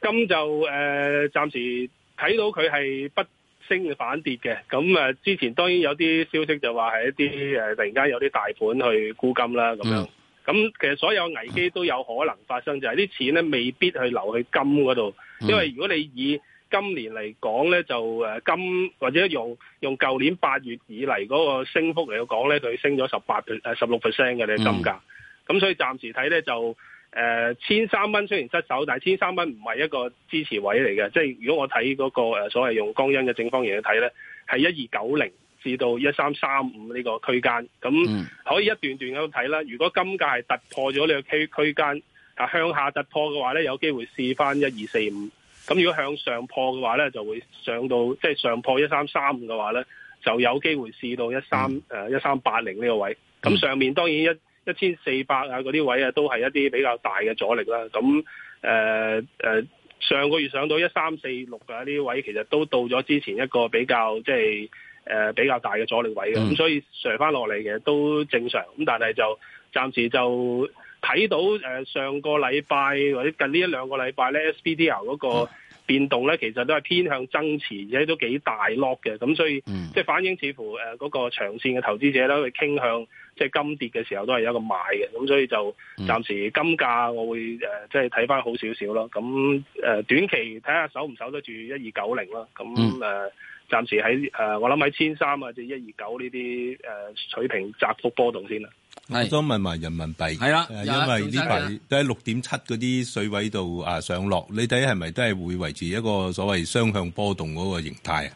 金就誒暫、呃、時睇到佢係不。升嘅反跌嘅，咁誒之前當然有啲消息就話係一啲誒突然間有啲大盤去沽金啦，咁、嗯、樣，咁其實所有危機都有可能發生，就係、是、啲錢咧未必去留喺金嗰度，因為如果你以今年嚟講咧，就誒金或者用用舊年八月以嚟嗰個升幅嚟講咧，佢升咗十八誒十六 percent 嘅咧金價，咁、嗯、所以暫時睇咧就。誒千三蚊雖然失守，但係千三蚊唔係一個支持位嚟嘅，即係如果我睇嗰、那個、呃、所謂用江恩嘅正方形去睇咧，係一二九零至到一三三五呢個區間，咁、嗯、可以一段段咁睇啦。如果金價係突破咗呢個區區間，啊向下突破嘅話咧，有機會試翻一二四五。咁如果向上破嘅話咧，就會上到即係上破一三三五嘅話咧，就有機會試到一三誒一三八零呢個位。咁上面當然一。嗯一一千四百啊，嗰啲位啊，都係一啲比較大嘅阻力啦。咁，誒、誒、上個月上到一三四六啊，呢啲位置其實都到咗之前一個比較即係誒比較大嘅阻力位嘅。咁、嗯、所以上翻落嚟嘅都正常。咁但係就暫時就睇到誒、呃，上個禮拜或者近這一呢一兩個禮拜咧，S P D R 嗰、那個。嗯變動咧，其實都係偏向增持，而且都幾大落嘅，咁所以、嗯、即係反映似乎誒嗰、呃那個長線嘅投資者咧，會傾向即係金跌嘅時候都係有一個賣嘅，咁所以就暫時金價我會誒、呃、即係睇翻好少少咯，咁誒、呃、短期睇下守唔守得住一二九零咯，咁、嗯、誒、呃、暫時喺誒、呃、我諗喺千三或者一二九呢啲誒水平窄幅波動先啦。我想問埋人民幣，係啦，因為呢排都喺六點七嗰啲水位度啊上落，你睇係咪都係會維持一個所謂雙向波動嗰個形態啊？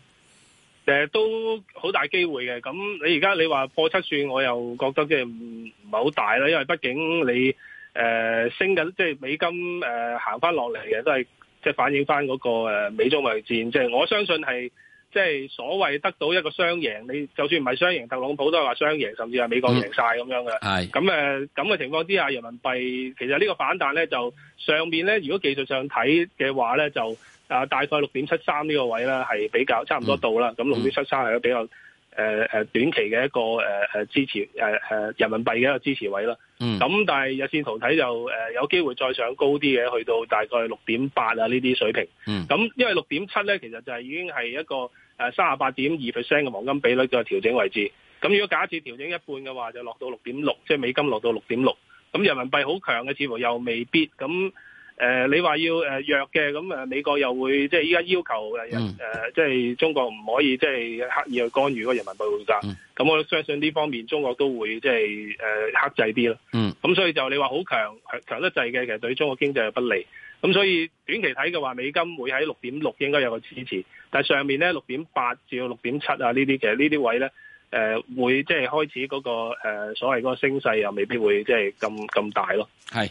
誒，都好大機會嘅。咁你而家你話破七算，我又覺得即係唔唔係好大啦，因為畢竟你誒升緊，即係美金誒行翻落嚟嘅，都係即係反映翻嗰個誒美中貿易戰。即係我相信係。即係所謂得到一個雙贏，你就算唔係雙贏，特朗普都係話雙贏，甚至係美國贏晒咁、嗯、樣嘅。係咁誒，咁、嗯、嘅情況之下，人民幣其實呢個反彈咧，就上面咧，如果技術上睇嘅話咧，就啊大概六點七三呢個位咧係比較差唔多到啦。咁六點七三係比較誒誒、呃、短期嘅一個誒誒、呃、支持誒誒、呃、人民幣嘅一個支持位啦。咁、嗯、但係有線圖睇就誒、呃、有機會再上高啲嘅，去到大概六點八啊呢啲水平。咁、嗯、因為六點七咧，其實就係已經係一個。誒三十八點二 percent 嘅黃金比率嘅調整為止。咁如果假設調整一半嘅話，就落到六點六，即係美金落到六點六，咁人民幣好強嘅似乎又未必，咁誒、呃、你話要誒弱嘅，咁誒美國又會即係依家要求誒誒，即、嗯、係、呃就是、中國唔可以即係、就是、刻意去干預嗰個人民幣匯價，咁、嗯、我相信呢方面中國都會即係誒克制啲咯，咁、嗯、所以就你話好強強得滯嘅，其實對中國經濟係不利。咁所以短期睇嘅話，美金會喺六點六應該有個支持，但係上面咧六點八至到六點七啊呢啲，其實呢啲位咧，誒會即係開始嗰個誒所謂嗰個升勢又未必會即係咁咁大咯。係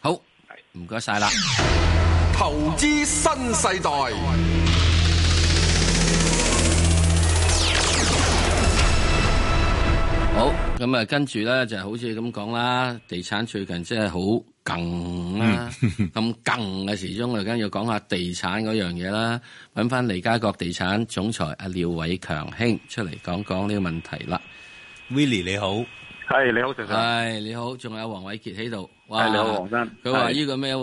好，唔該晒啦！投資新世代。好咁啊，跟住咧就係好似咁講啦，地產最近真係好勁啦，咁勁嘅時鐘我哋梗要講下地產嗰樣嘢啦，揾翻利嘉閣地產總裁阿廖偉強兄出嚟講講呢個問題啦。Willie 你好，係你好石生，係、 hey, 你好，仲有黃瑋杰喺度，係、hey, 你好，王 hey, 你好黃生，佢話呢個咩？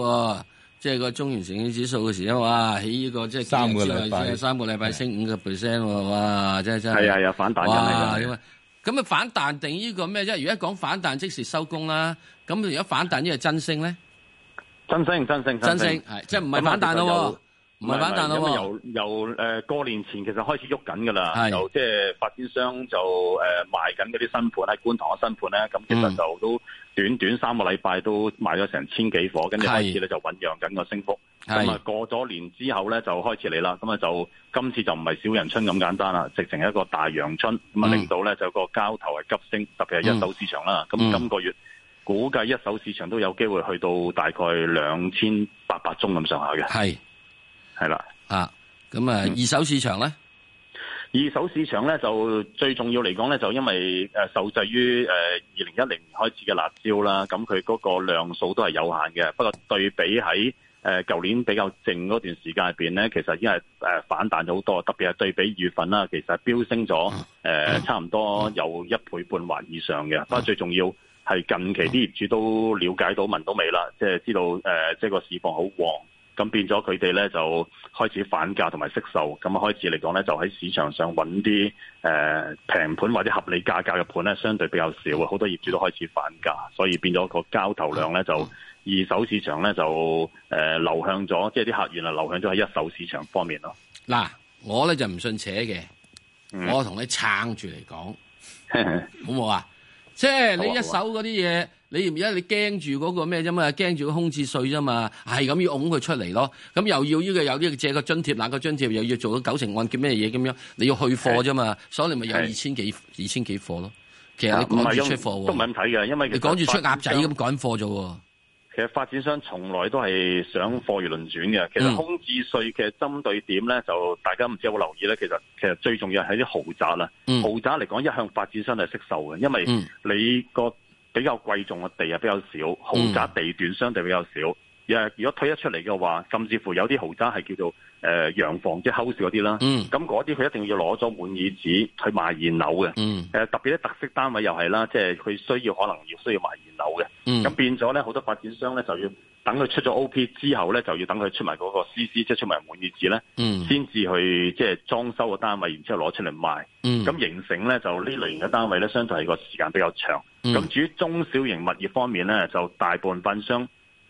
即係個中原城市指數嘅時候，哇，喺呢個即係三個禮拜，三個禮拜升五個 percent，哇，真係真係係啊，反彈啊。咁啊反彈定呢個咩啫？如果講反彈，即時反彈，即時收工啦。咁如果反彈，呢個真升咧？真升真升真升，係即係唔係反彈咯？唔係反彈咯？因為由由誒、呃、過年前其實開始喐緊㗎啦，由即係發展商就誒、呃、賣緊嗰啲新盤喺觀塘嘅新盤咧，咁其實就都短短三個禮拜都賣咗成千幾伙，跟住開始咧就醞釀緊個升幅。咁啊，過咗年之後咧就開始嚟啦。咁啊，就今次就唔係小陽春咁簡單啦，直情一個大陽春咁啊、嗯，令到咧就個交投係急升，特別係一手市場啦。咁、嗯、今個月、嗯、估計一手市場都有機會去到大概兩千八百宗咁上下嘅。係係啦啊，咁啊，二手市場咧，二手市場咧就最重要嚟講咧，就因為誒受制於誒二零一零年開始嘅辣椒啦，咁佢嗰個量數都係有限嘅。不過對比喺誒、呃、舊年比較靜嗰段時間入邊咧，其實已經係誒反彈咗好多，特別係對比二月份啦，其實係飆升咗誒、呃嗯、差唔多有一倍半或以上嘅。不、嗯、過最重要係近期啲業主都了解到，聞到味啦，即係知道誒即係個市況好旺，咁變咗佢哋咧就開始反價同埋惜售，咁啊開始嚟講咧就喺市場上揾啲誒平盤或者合理價格嘅盤咧，相對比較少，好多業主都開始反價，所以變咗個交投量咧就。二手市場咧就誒、呃、流向咗，即係啲客源啊流向咗喺一手市場方面咯。嗱，我咧就唔信邪嘅、嗯，我同你撐住嚟講、嗯，好唔 好啊？即係你一手嗰啲嘢，你而家你驚住嗰個咩啫嘛？驚住個空置稅啫嘛？係咁要拱佢出嚟咯。咁又要呢個有呢、這個借個津貼，那個津貼又要做到九成按揭咩嘢咁樣？你要去貨啫嘛？所以咪有二千幾二千幾貨咯。其實你趕住出貨喎、啊，都唔係咁睇嘅，因為你趕住出鴨仔咁趕貨咗喎。其實發展商從來都係想貨如輪轉嘅。其實空置稅嘅針對點咧，就大家唔知有冇留意咧。其實其實最重要係啲豪宅啦，嗯，豪宅嚟講一向發展商係識售嘅，因為你個比較貴重嘅地係比較少。嗯，豪宅地段相對比較少。如果推一出嚟嘅話，甚至乎有啲豪宅係叫做誒、呃、洋房，即係 house 嗰啲啦。咁嗰啲佢一定要攞咗滿意紙去賣現樓嘅。誒、嗯呃、特別啲特色單位又係啦，即係佢需要可能要需要賣現樓嘅。咁、嗯、變咗咧，好多發展商咧就要等佢出咗 OP 之後咧，就要等佢出埋嗰個 CC，即係出埋滿意紙咧，先、嗯、至去即係、就是、裝修個單位，然之後攞出嚟賣。咁、嗯、形成咧就呢類型嘅單位咧，相對係個時間比較長。咁、嗯、至於中小型物業方面咧，就大半份商。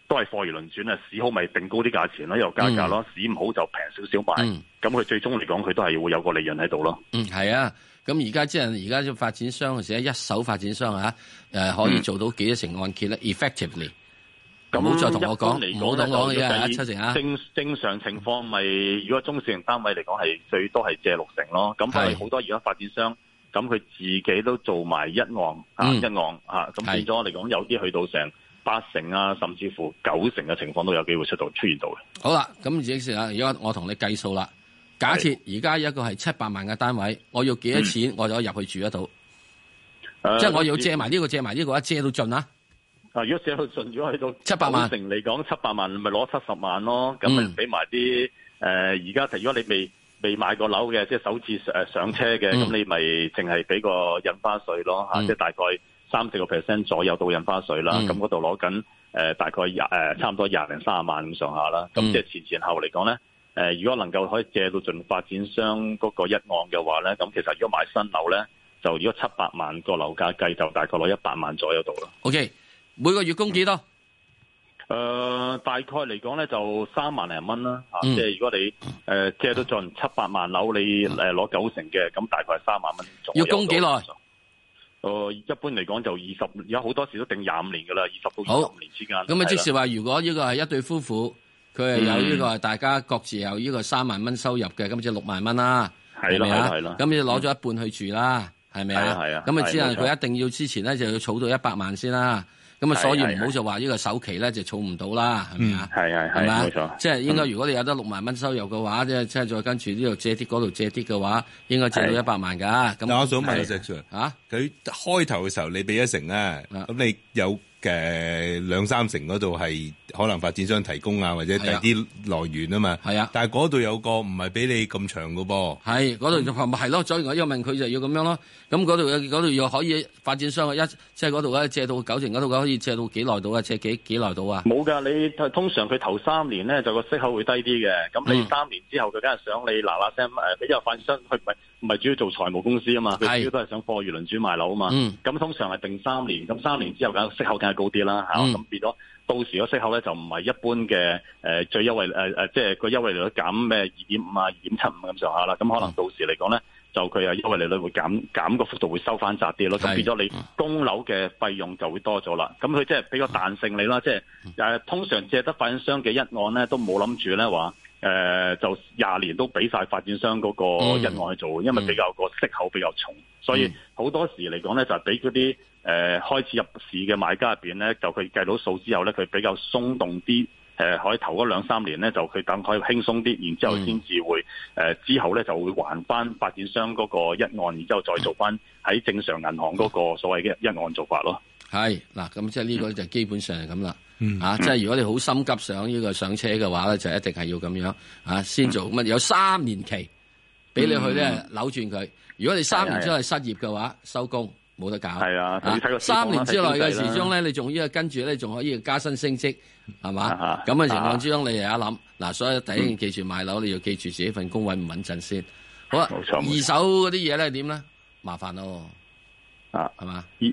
都係貨如輪轉啊！市好咪定高啲價錢咯，又加價咯、嗯；市唔好就平少少賣。咁、嗯、佢最終嚟講，佢都係會有個利潤喺度咯。嗯，係啊。咁而家即係而家啲發展商時時一手發展商嚇誒、呃、可以做到幾多成按揭咧？Effectively，咁好、嗯嗯、再同我講，唔好講講咗幾多成啊！正正常情況咪、嗯，如果中小型單位嚟講係最多係借六成咯。咁係好多而家發展商，咁佢自己都做埋一按啊、嗯，一按咁變咗嚟講有啲去到成。八成啊，甚至乎九成嘅情況都有機會出到出現到嘅。好啦，咁而家先啦，而家我同你計數啦，假設而家一個係七百萬嘅單位，我要幾多錢、嗯，我就可以入去住得到？呃、即係我要借埋呢個借埋呢個，一、呃借，呢個借，呢個、借到盡啦。啊、呃，如果借到盡，咗，喺度七百萬九成嚟講，七百萬咪攞七十萬咯。咁咪俾埋啲誒，而家、呃、如果你未未買過樓嘅，即係首次上車嘅，咁、嗯、你咪淨係俾個印花稅咯、嗯、即係大概。三四個 percent 左右到印花稅啦，咁嗰度攞緊誒，大概廿誒、呃，差唔多廿零三十萬咁上下啦。咁即係前前後嚟講咧，誒、呃，如果能夠可以借到盡發展商嗰個一按嘅話咧，咁其實如果買新樓咧，就如果七百萬個樓價計，就大概攞一百萬左右度啦。OK，每個月供幾多？誒、嗯呃，大概嚟講咧就三萬零蚊啦，吓、啊嗯，即係如果你誒、呃、借到盡七百萬樓，你誒攞九成嘅，咁、嗯、大概三萬蚊。要供幾耐？哦，一般嚟講就二十，而家好多時都定廿五年㗎喇，二十到廿年之間。咁啊，即係話，說如果呢個係一對夫婦，佢係有呢、呢個、嗯、大家各自有呢個三萬蚊收入嘅，咁即係六萬蚊啦，係咪啊？咁你攞咗一半去住啦，係咪啊？咁啊，只能佢一定要之前咧就要儲到一百萬先啦。咁、嗯、啊，所以唔好就話呢個首期咧就儲唔到啦，係咪啊？係係係，冇錯。即係應該，如果你有得六萬蚊收入嘅話，嗯、即係即係再跟住呢度借啲，嗰度借啲嘅話，應該借到一百萬㗎。咁，我想問石 Sir 吓，佢開頭嘅時候你俾一成啊？咁你有嘅、呃、兩三成嗰度係？可能發展商提供啊，或者第啲來源啊嘛。啊，但係嗰度有個唔係俾你咁長嘅噃、啊。係嗰度就係唔係咯？所以我一問佢就要咁樣咯。咁嗰度嗰度，又可以發展商一即係嗰度咧，借到九成嗰度，可以借到幾耐到啊？借幾幾耐到啊？冇㗎，你通常佢頭三年咧就個息口會低啲嘅。咁你三年之後佢梗係想你嗱嗱聲誒俾，因為發展商佢唔係唔係主要做財務公司啊嘛？佢主要都係想貨如輪轉賣樓啊嘛。咁、嗯、通常係定三年，咁三年之後梗息口梗係高啲啦嚇，咁變咗。嗯到時個息口咧就唔係一般嘅，誒、呃、最優惠誒、呃、即係個優惠利率減咩二點五啊、二點七五咁上下啦。咁、啊、可能到時嚟講咧、嗯，就佢嘅優惠利率會減減個幅度會收翻窄啲咯。咁變咗你供樓嘅費用就會多咗啦。咁佢即係比較彈性你啦。即、嗯、係、就是呃、通常借得發展商嘅一案咧都冇諗住咧話誒就廿年都俾晒發展商嗰個一案去做，因為比較個、嗯、息口比較重，所以好多時嚟講咧就係俾嗰啲。誒、呃、開始入市嘅買家入面咧，就佢計到數之後咧，佢比較鬆動啲，誒可以投嗰兩三年咧，就佢等可以輕鬆啲，然後之後先至會、嗯呃、之後咧就會還翻發展商嗰個一案，然之後再做翻喺正常銀行嗰個所謂嘅一案做法咯。係嗱，咁即係呢個就基本上係咁啦。嗯，啊，即係如果你好心急想呢個上車嘅話咧，就一定係要咁樣啊，先做乜、嗯、有三年期俾你去咧扭轉佢、嗯。如果你三年之後係失業嘅話，收工。冇得搞，係啊！三、啊、年之內嘅時鐘咧，你仲依個跟住咧，仲可以加薪升職，係嘛？咁嘅情況之中你，你又一諗嗱，所以第一定要、嗯、記住買樓，你要記住自己份工穩唔穩陣先。好了啊，啊，二手嗰啲嘢咧點咧？麻煩咯，啊係嘛？二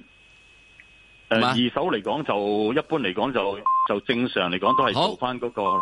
二手嚟講就一般嚟講就就正常嚟講都係翻、嗰個。